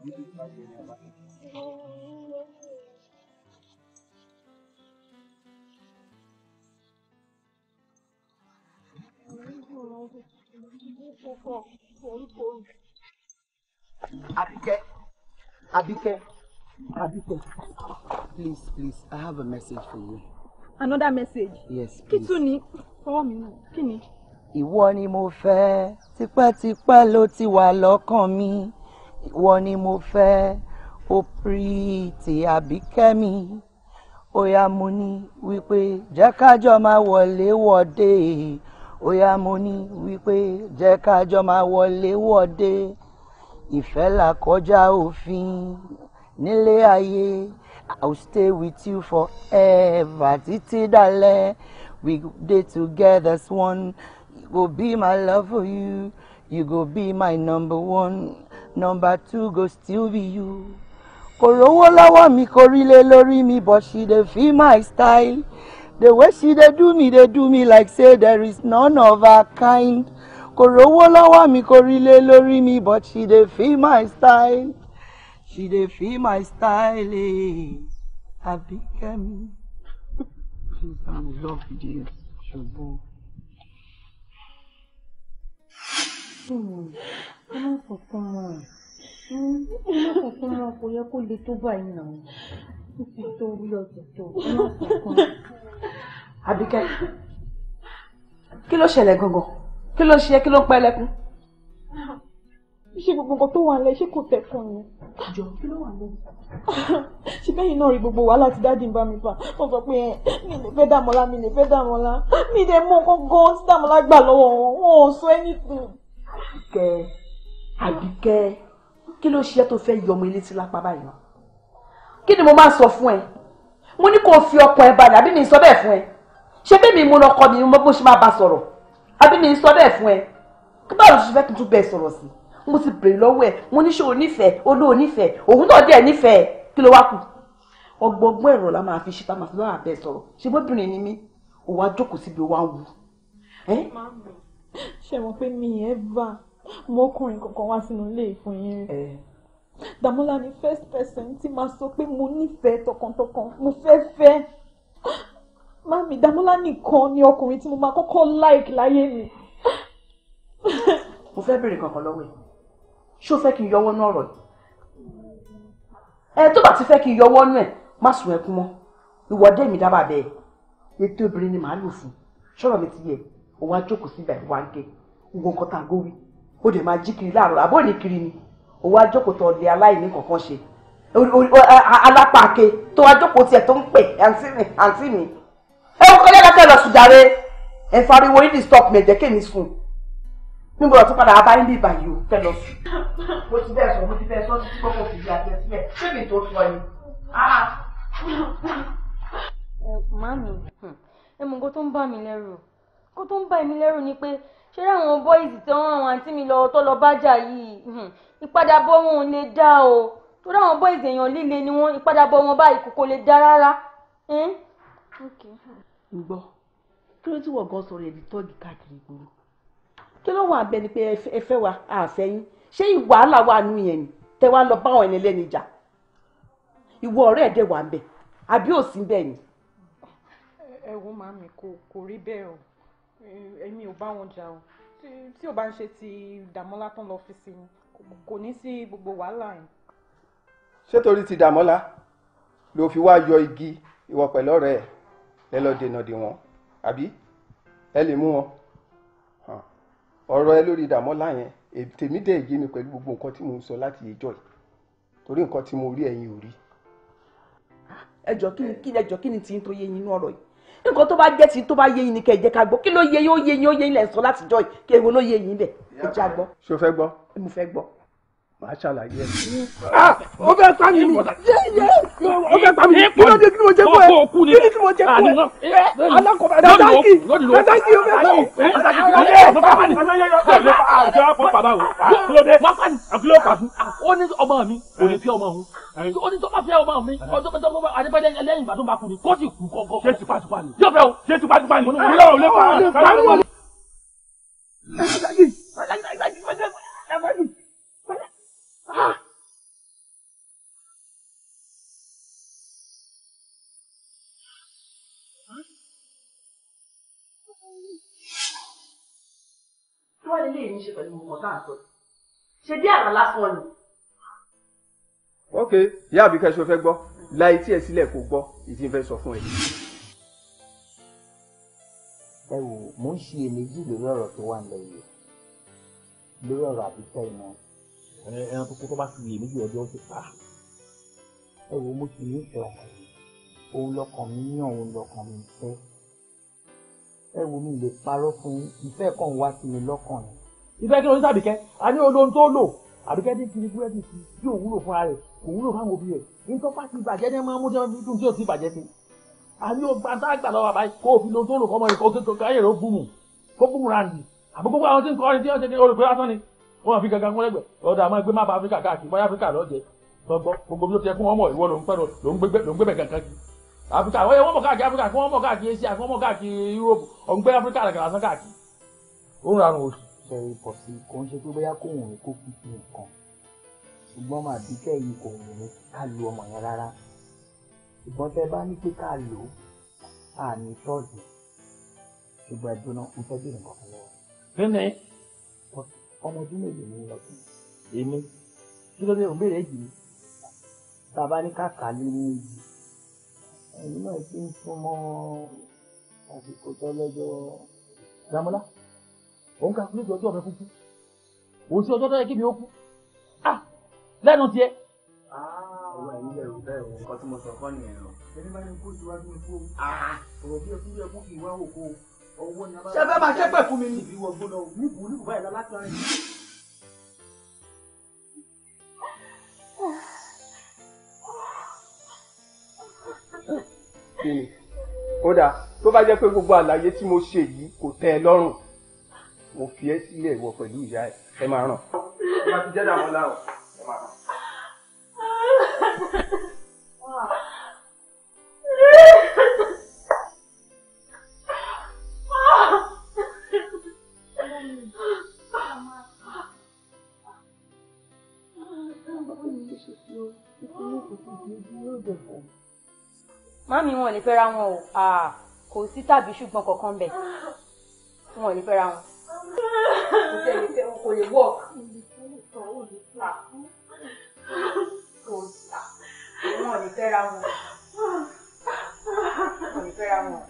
Thank you. Abike, Abike, Abike, please, please, I have a message for you. Another message? Yes, please. Kí tún ni? Kini. mi náà, kí ni? Ìwọ ni mo fẹ́, tipẹ́tipẹ́ ló ti wà lọ́kàn mi. Ìwọ ni mo fẹ́, ó pretty Àbíkẹ́mi óyá mo ní wípé jẹ́ kájọ máa wọlé wọ̀de óyá mo ní wípé jẹ́ kájọ máa wọlé wọ̀de ìfẹ́ là kọjá òfin nílé ayé I will stay with you forever títí dalẹ́ we dey together as one you go be my love for you you go be my number one number two go still be you kò rówó lọ́wọ́ mi kò rílé lórí mi but she dey feel my style the way she dey do me dey do me like say there is none of her kind kò rówó lọ́wọ́ mi kò rílé lórí mi but she dey feel my style she dey feel my style eh Abikemi please i'm in love with ọlọ́kùn tó rán kò yẹ kó le tó báyìí náà ó ti tó orí ọ̀tẹ̀ tó Àbíkẹ́ kí ló ṣẹlẹ̀ gangan kí ló ṣe kí ló ń pa ẹlẹ́kùn. ṣé gbogbo nǹkan tó wà lẹ ṣé kò tẹ̀kùn ni. jọ kí ló wà lẹ́yìn. ṣe bẹ́yìn náà rí gbogbo wàhálà tí dáàdì ń bá mi fà wọ́n sọ pé eh, mi lè fẹ́ dàmọ́lá mi lè fẹ́ dàmọ́lá mi lè mú nǹkan gan tí dàmọ́lá gbà lọ́wọ́ wọn wọn ò sọ anything kí ló ṣe tó fẹ́ yọ ọmọ ilé tí lápá báyìí náà kí ni mo máa sọ fún ẹ mo ní kó o fi ọkàn ẹ balẹ̀ àbí mi sọ bẹ́ẹ̀ fún ẹ ṣé bẹ́ẹ̀ mi mo lọ kọ́ mi mo bó ṣe máa bá sọ̀rọ̀ àbí mi sọ bẹ́ẹ̀ fún ẹ kí báwo ló ṣe fẹ́ tuntun bẹ́ẹ̀ sọ̀rọ̀ sí mo ti bèrè lọ́wọ́ ẹ mo ní ṣé o nífẹ̀ẹ́ o lóò nífẹ̀ẹ́ òun náà dẹ̀ nífẹ̀ẹ́ kí ló wá kù ọgbọgbọ́n ẹ̀rọ la máa fi ṣe tá máa àbẹ́ sọ̀rọ̀ ṣé bóbìnrin ni mí òun á jókòó síbi òun á wù. ṣé mo pé mi ẹ̀ bá mo ọkùnrin kankan wá sínú ilé ìfún yín rí Dàmọ́lá ni first person tí máa sọ pé mo nífẹ̀ẹ́ tọkàntọkàn mo fẹ́ fẹ́ mami Dàmọ́lá nìkan ni ọkùnrin tí mo máa kọ́kọ́ like láyé mi. mo fẹ́ béèrè kankan lọ́wọ́ ẹ̀ ṣé o fẹ́ kí n yọwọ́ náà rọ̀ ẹ tó bá ti fẹ́ kí n yọwọ́ náà ẹ̀ má sùn ẹkún mọ́ ìwọ́dé mi dábàá bẹ́ẹ̀ ètò obìnrin ni màá lò fún ṣọ́rọ̀ mi ti yẹ òun á jókòó síbẹ̀ wá ń ké gbogbo ó dẹ̀ máa jí kiri láàárọ̀ àbọ̀ ní kiri ni òwò àjọkòtò ọ̀lẹ́ aláìní kankan ṣe alápàáké tó àjọkò tiẹ̀ tó ń pè àǹtí mi àǹtí mi ẹ wọ́n kọ́ yára kẹ́ lọ sùn jàre ẹ fariwo yìí stop mi ẹ̀jẹ̀ kéèmí sùn nígbà tó padà abáyé ní ìbàyè o kẹ́ lọ sùn. mo ti bẹ́ẹ̀ sọ mo ti bẹ́ẹ̀ sọ títí kọ́kọ́ fi di àti ẹsílẹ̀ ṣébi tó sọ ni. Ah. màmí hmm, ẹ mọ̀ nǹkan tó ń bà mí lẹ́rù nǹkan tó ń bà mí lẹ́rù ni pé ṣé àwọn bọ́ìsì tí wọ́n ràn àǹtí mi lọ tó lọ bájà yìí ìpadàbọ̀ wọn ò lè dá o tó dáwọn bọ́ìsì èèyàn líle ni wọ́n ìpadàbọ̀ wọn báyìí kò kò lè dá rárá. ǹgbọ́ kí ló ti wọ̀ gan sọ̀rọ̀ ẹ̀dí tọ́ọ̀gì káàkiri ìgboro kí ló wà bẹ́ẹ̀ ni pé ẹ fẹ́ wa àfẹ́yìn ṣé ìwàhálà wà nù yẹn ni tẹ wá lọ bá àwọn ẹni lẹ́ni jà ìwọ ọ̀rẹ́ ẹ̀dẹ̀ wà ń bẹ̀ àbí òsínbẹ̀ ni. ẹ wo màmí kò kò rí bẹ́ẹ̀ o èmi ò bá wọn jà o tí ò bá ń ṣe ti Dàmọ́lá tán lọ́fíìsì ni kò ní sí gbogbo wàhálà yẹn. ṣé torí ti Dàmọ́lá ló fi wá yọ igi ìwọ pẹ̀lú ọ̀rẹ́ ẹ̀ ẹ lọ dènà dè wọ́n àbí ẹ lè mú wọn ọ̀rọ̀ ẹ lórí Dàmọ́lá yẹn tèmi dẹ̀ yé mi pẹ̀lú gbogbo nǹkan tí mo ń sọ láti ìjọ yìí torí nǹkan tí mo rí ẹ̀yin ò rí. ẹjọ kí ni ẹjọ kí ni tí ń tó yé yín nínú ọ̀rọ̀ yìí nǹkan tó bá jẹ́ ti tó bá yé yín ni kẹ́ ẹ jẹ́ ká gbọ́ kí ló yé yín ó yé yín ó yé yín lẹ̀ sọ látijọ́ yìí kí èwo ló yé yín bẹ̀ ẹ já gbọ́. ṣé o fẹ́ mo fẹ́ gbọ́ màá ṣàlàyé ẹ. o fẹ́ pa mi ni o fẹ́ pa mi ni kí ló dé kí mo jẹ fún ẹ kí ni kí mo jẹ fún ẹ alákọ̀ọ́bẹ̀ dadaki dadaki o fẹ́ pa mi. àjọ àpò bàbá o kí ló dé kí ló kà fún. ó ní ọmọ mi kò ní fi ọmọ òun ó ní tọ́ba fẹ́ ọmọ mi ọjọ́ pẹ́jọ́ pẹ́jọ́ adébẹ́dẹ́ ẹlẹ́yìn ìgbà tó bá kú ni kó sì kú kọ́kọ́. Ah! kí wàá lélẹ́yìn ṣe pẹ̀lú mọ̀mọ́ tá à ń sọ ṣe bí ni. ok ìyá àbíkẹ́ ṣe fẹ́ gbọ́ la etí ẹ̀ sílẹ̀ kó gbọ́ ìdí ń fẹ́ sọ fún ẹ. ẹ wò mò ń ṣiyèméjì lórí ọ̀rọ̀ tó wà nílẹ̀ yìí lórí ọ̀rọ̀ àbíkẹ́ ìmọ̀ ẹran tó kú tó bá ti yè méjì ọjọ́ ti pa ah! ẹ wo mo sì ní ìfẹ́ ọkàn òun lọkàn mi yàn òun lọkàn mi fẹ́ ẹ wo mi lè parọ́ fún kan wá sí mi lọ́kàn ni ìfẹ́ kí kiri búrẹ́dì sí tí òun wúlò fúnra rẹ̀ kò wúlò fáwọn òbí rẹ̀ nítorí pàtì ìbàjẹ́ ní máa mú dùn tí ò ti bàjẹ́ sí a ní ọgbà tá àgbà lọ́wọ́ àbáyé kó òfin lóhun tó lò kọ́mọ rẹ̀ kó ni wọ́n fi gangan kún lẹ́gbẹ̀ẹ́ ọ̀dà àmọ́ ẹgbẹ́ mápa áfíríkà káàkiri báyà áfíríkà lọ́jẹ́ gbogbo gbogbo bí ó ti yẹ kí wọ́n mọ̀ ìwọ ló ń pẹ́ ló ń gbẹ́bẹ̀ gangan kiri áfíríkà wọ́n yẹ wọ́n mọ̀ káàkiri áfíríkà kí wọ́n mọ̀ káàkiri Asia kí wọ́n mọ̀ káàkiri Europe ọ̀gbẹ́ áfíríkà rẹ̀ kàlásán káàkiri. ó ń rarun oṣù. sọ̀rọ̀ pọ̀ sí i kò ń ṣe pé bóyá kò wùn kó kú sí nǹkan ṣùgbọ́n màá bí kẹ́ yìí kò wùn ká lu ọmọ yẹn rárá ṣùgbọ́n tẹ́ bá ní pé ká lò ó àní tọ́jú ṣùgbọ́n ẹ̀dùn náà mo fẹ́ bí nǹkan kan lọ́wọ́ ọmọ ọdún mélòó ni ọdún èmi kí ló dé òun béèrè èjì mi tá a bá ní kàkà lé ní èjì ẹni náà ti ń súnmọ́ àsìkò tó lọ́jọ́ Dámọ́lá òun kà kúlẹ̀ ọjọ́ ọ̀fẹ́ kúkú òun sí ọjọ́ tó yẹ kí mi ó kú ah lẹ́nu tiẹ̀. ọwọ́ ẹ̀yin lè rò o nǹkan tí mo sọ fọ́ nìyẹn o. ẹni bá ní kó síwájú ikú o. ọ̀rọ̀ bí ẹkú bí ẹkú kì í wá òkú o ṣe fẹ́ máa ṣépè fún mi ni. ó dáa tó bá jẹ́ pé gbogbo àlàyé tí mo ṣe yìí kò tẹ́ ẹ lọ́rùn mo fi ẹ́ sílẹ̀ ìwọ pẹ̀lú ìyá ẹ ẹ máa ràn. ọba ti jẹ́ dàmọ́lá o ẹ máa ràn. mami wọn ò lè fẹ́ra wọn o kò sí tàbí ṣùgbọ́n kankan bẹ̀ wọn ò lè fẹ́ra wọn. kò lè wọ̀ wọn ò lè fẹ́ra wọn wọn ò lè fẹ́ra wọn.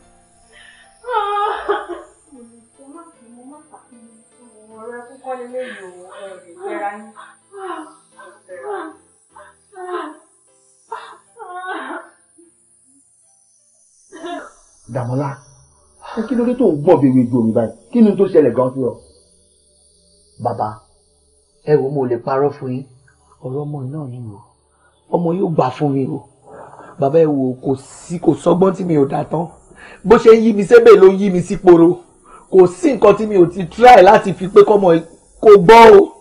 ọ̀rẹ́ kúkọ́ fẹ́ra yín damola ẹ kí ló dé tó ń gbọ̀n bèrè ju omi báyìí kí ni tó ṣẹlẹ̀ gan sí ọ. bàbá ẹ wò mo lè parọ́ fún yín ọ̀rọ̀ ọmọ náà ni o ọmọ yóò gbà fún mi o bàbá ẹ wò kò sí kò sọgbọ́n tí mi ò dá tán bó ṣe ń yí mi sébè ló ń yí mi sí poro kò sí nǹkan tí mi ò ti try láti fi pé kọ́mọ kò gbọ́ o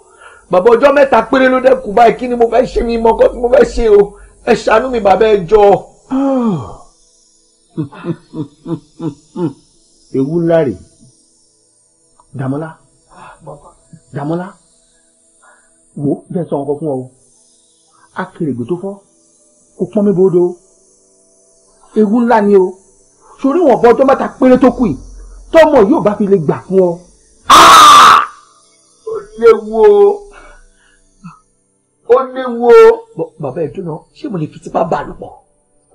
bàbá ọjọ́ mẹ́ta péré ló dẹ́kun báyìí kí ni mo fẹ́ ṣe mi mọ kọ́ tí mo fẹ́ ṣe o ẹ ṣàánú mi bàbá ẹ jọ. ewu ńlá rèé Dàmọ́lá Dàmọ́lá wo jẹ́ sọ ọkọ fún ọ akérègbè tó fọ́ kó pọ́n mi bòódo ewu ńlá ni o sórí wọn bọ ọjọ́ mẹ́ta péré tó kù yìí tọmọ yóò bá fi lè gbà fún ọ. Ah! ó léwu o ó léwu o. bàbá ẹ̀ dúnà ṣé mo lè fi tipá bá lò pọ̀.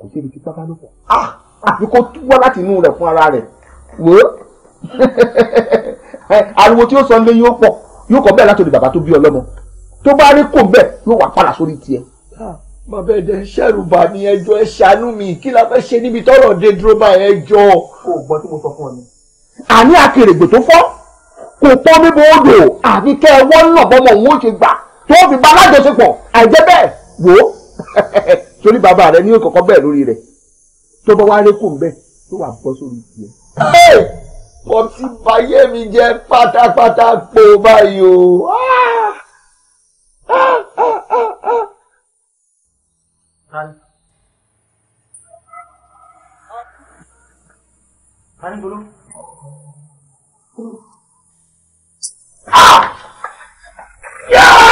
kò sí ibi tipá bá lò pọ̀. Ah, ah, àfi kó wá láti inú rẹ̀ fún ara rẹ̀ wò ó. ariwo tí ó sọ nílé yóò pọ̀ yóò kọ́ bẹ́ẹ̀ látòdì bàbá tó bí ọlọ́mọ tó bá rí kò bẹ́ẹ̀ yóò wà pàlà sórí tiẹ̀. Ah, bàbá ẹ̀dẹ̀ ṣẹ̀rù bà mí ẹjọ́ ẹ ṣàánú mi kí la fẹ́ ṣe níbi tọ́rọ̀ dé dúró bá ẹjọ́. kò gbọ́ tí mo sọ fún ọ ni. àní akèrègbè tó fọ́ kò pọ́n bíbo odò àbí kẹ́ ẹ wọ́n náà bọ́mọ òun ó ṣe gbà tó fi bá alájọṣepọ̀ àìjẹ́ bẹ́ẹ̀ wò ó torí bàbá rẹ ní ìkọ̀kọ́ bẹ́ẹ̀ lórí rẹ̀ tó bá wá rékò ń bẹ́ẹ̀ tó wà bọ́ sórí ìtì ẹ̀. pọ̀ tí bayé mi jẹ́ pátápátá pé o báyìí o. Ah! ah! ah! ah! Yeah!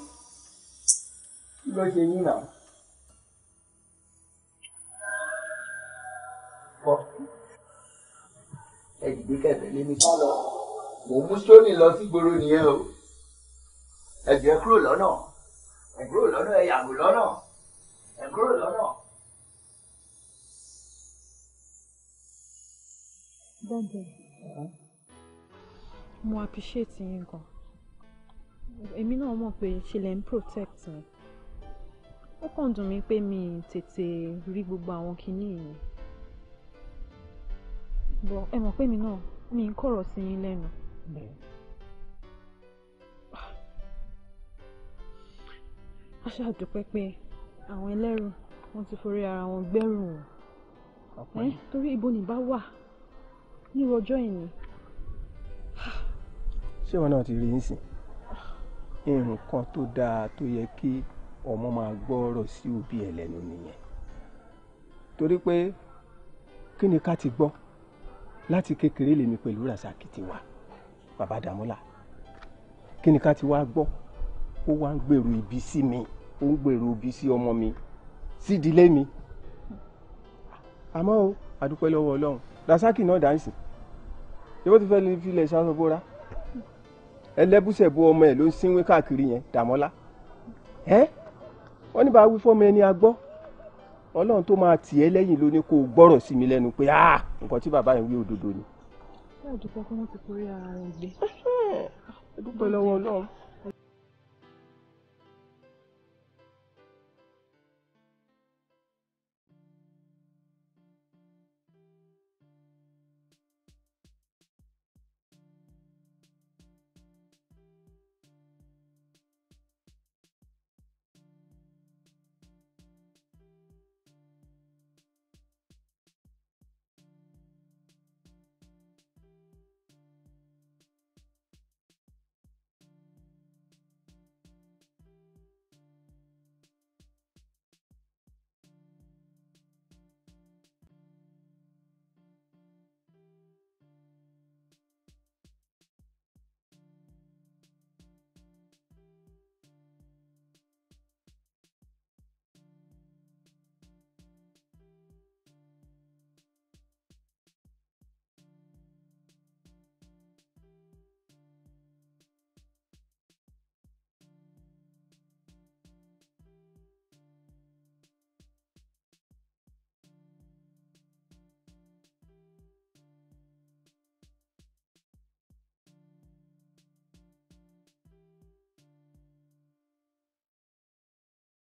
科学医呢？kọ́ ẹ dìde kẹtẹ̀lé mi. mò ń mú sóní lọ o ẹ jẹ́ kúrò lọ́nà ẹ kúrò lọ́nà ẹ yàgò lọ́nà ẹ kúrò mo appreciate yín gan èmi náà mọ̀ pé ṣe lè ń protect mi ó kàn dùn mí pé mi tètè rí gbogbo àwọn kinní yìí bọ ẹ mọ̀ pé mi náà mi ń kọ̀rọ̀ sí yín lẹ́nu. a ṣàdúpẹ́ pé àwọn ẹlẹ́rù wọ́n ti forí ara wọn gbẹ́rù wọn ẹ torí ibo ni bá wà ní ọjọ́ ìní. ṣé wọn náà ti rí yín sìn nǹkan tó dáa tó yẹ kí ọmọ máa gbọ́ ọ̀rọ̀ sí òbí ẹ̀ lẹ́nu nìyẹn torí pé kí ni ká ti gbọ́ láti kékeré lèmi pẹ̀lú rasaki ti wà bàbá dàmúlà kí ni ká ti wá gbọ́ ó wá ń gbèrò ibi sí mi ó ń gbèrò ibi sí ọmọ mi sí ìdílé mi àmọ́ o àdúpẹ́ lọ́wọ́ ọlọ́run rasaki náà dáǹsì ṣé bó ti fẹ́ lè filẹ̀ ṣaṣọ bóra ẹlẹ́bùsẹ̀ bo ọmọ ẹ̀ ló ń sínwín káàkiri yẹn dàmọ́lá eh? wọ́n ní bá wí fọ́mọ ẹni agbọ́ ọlọ́run tó máa tì ẹ́ lẹ́yìn ló ní kó o gbọ́rọ̀ sí mi lẹ́nu pé ah, nǹkan tí bàbá yẹn wí òdodo ni. báyọ̀ dúpẹ́ pé ti forí ara rẹ̀ gbé. dúpẹ́ lọ́wọ́ ọlọ́run.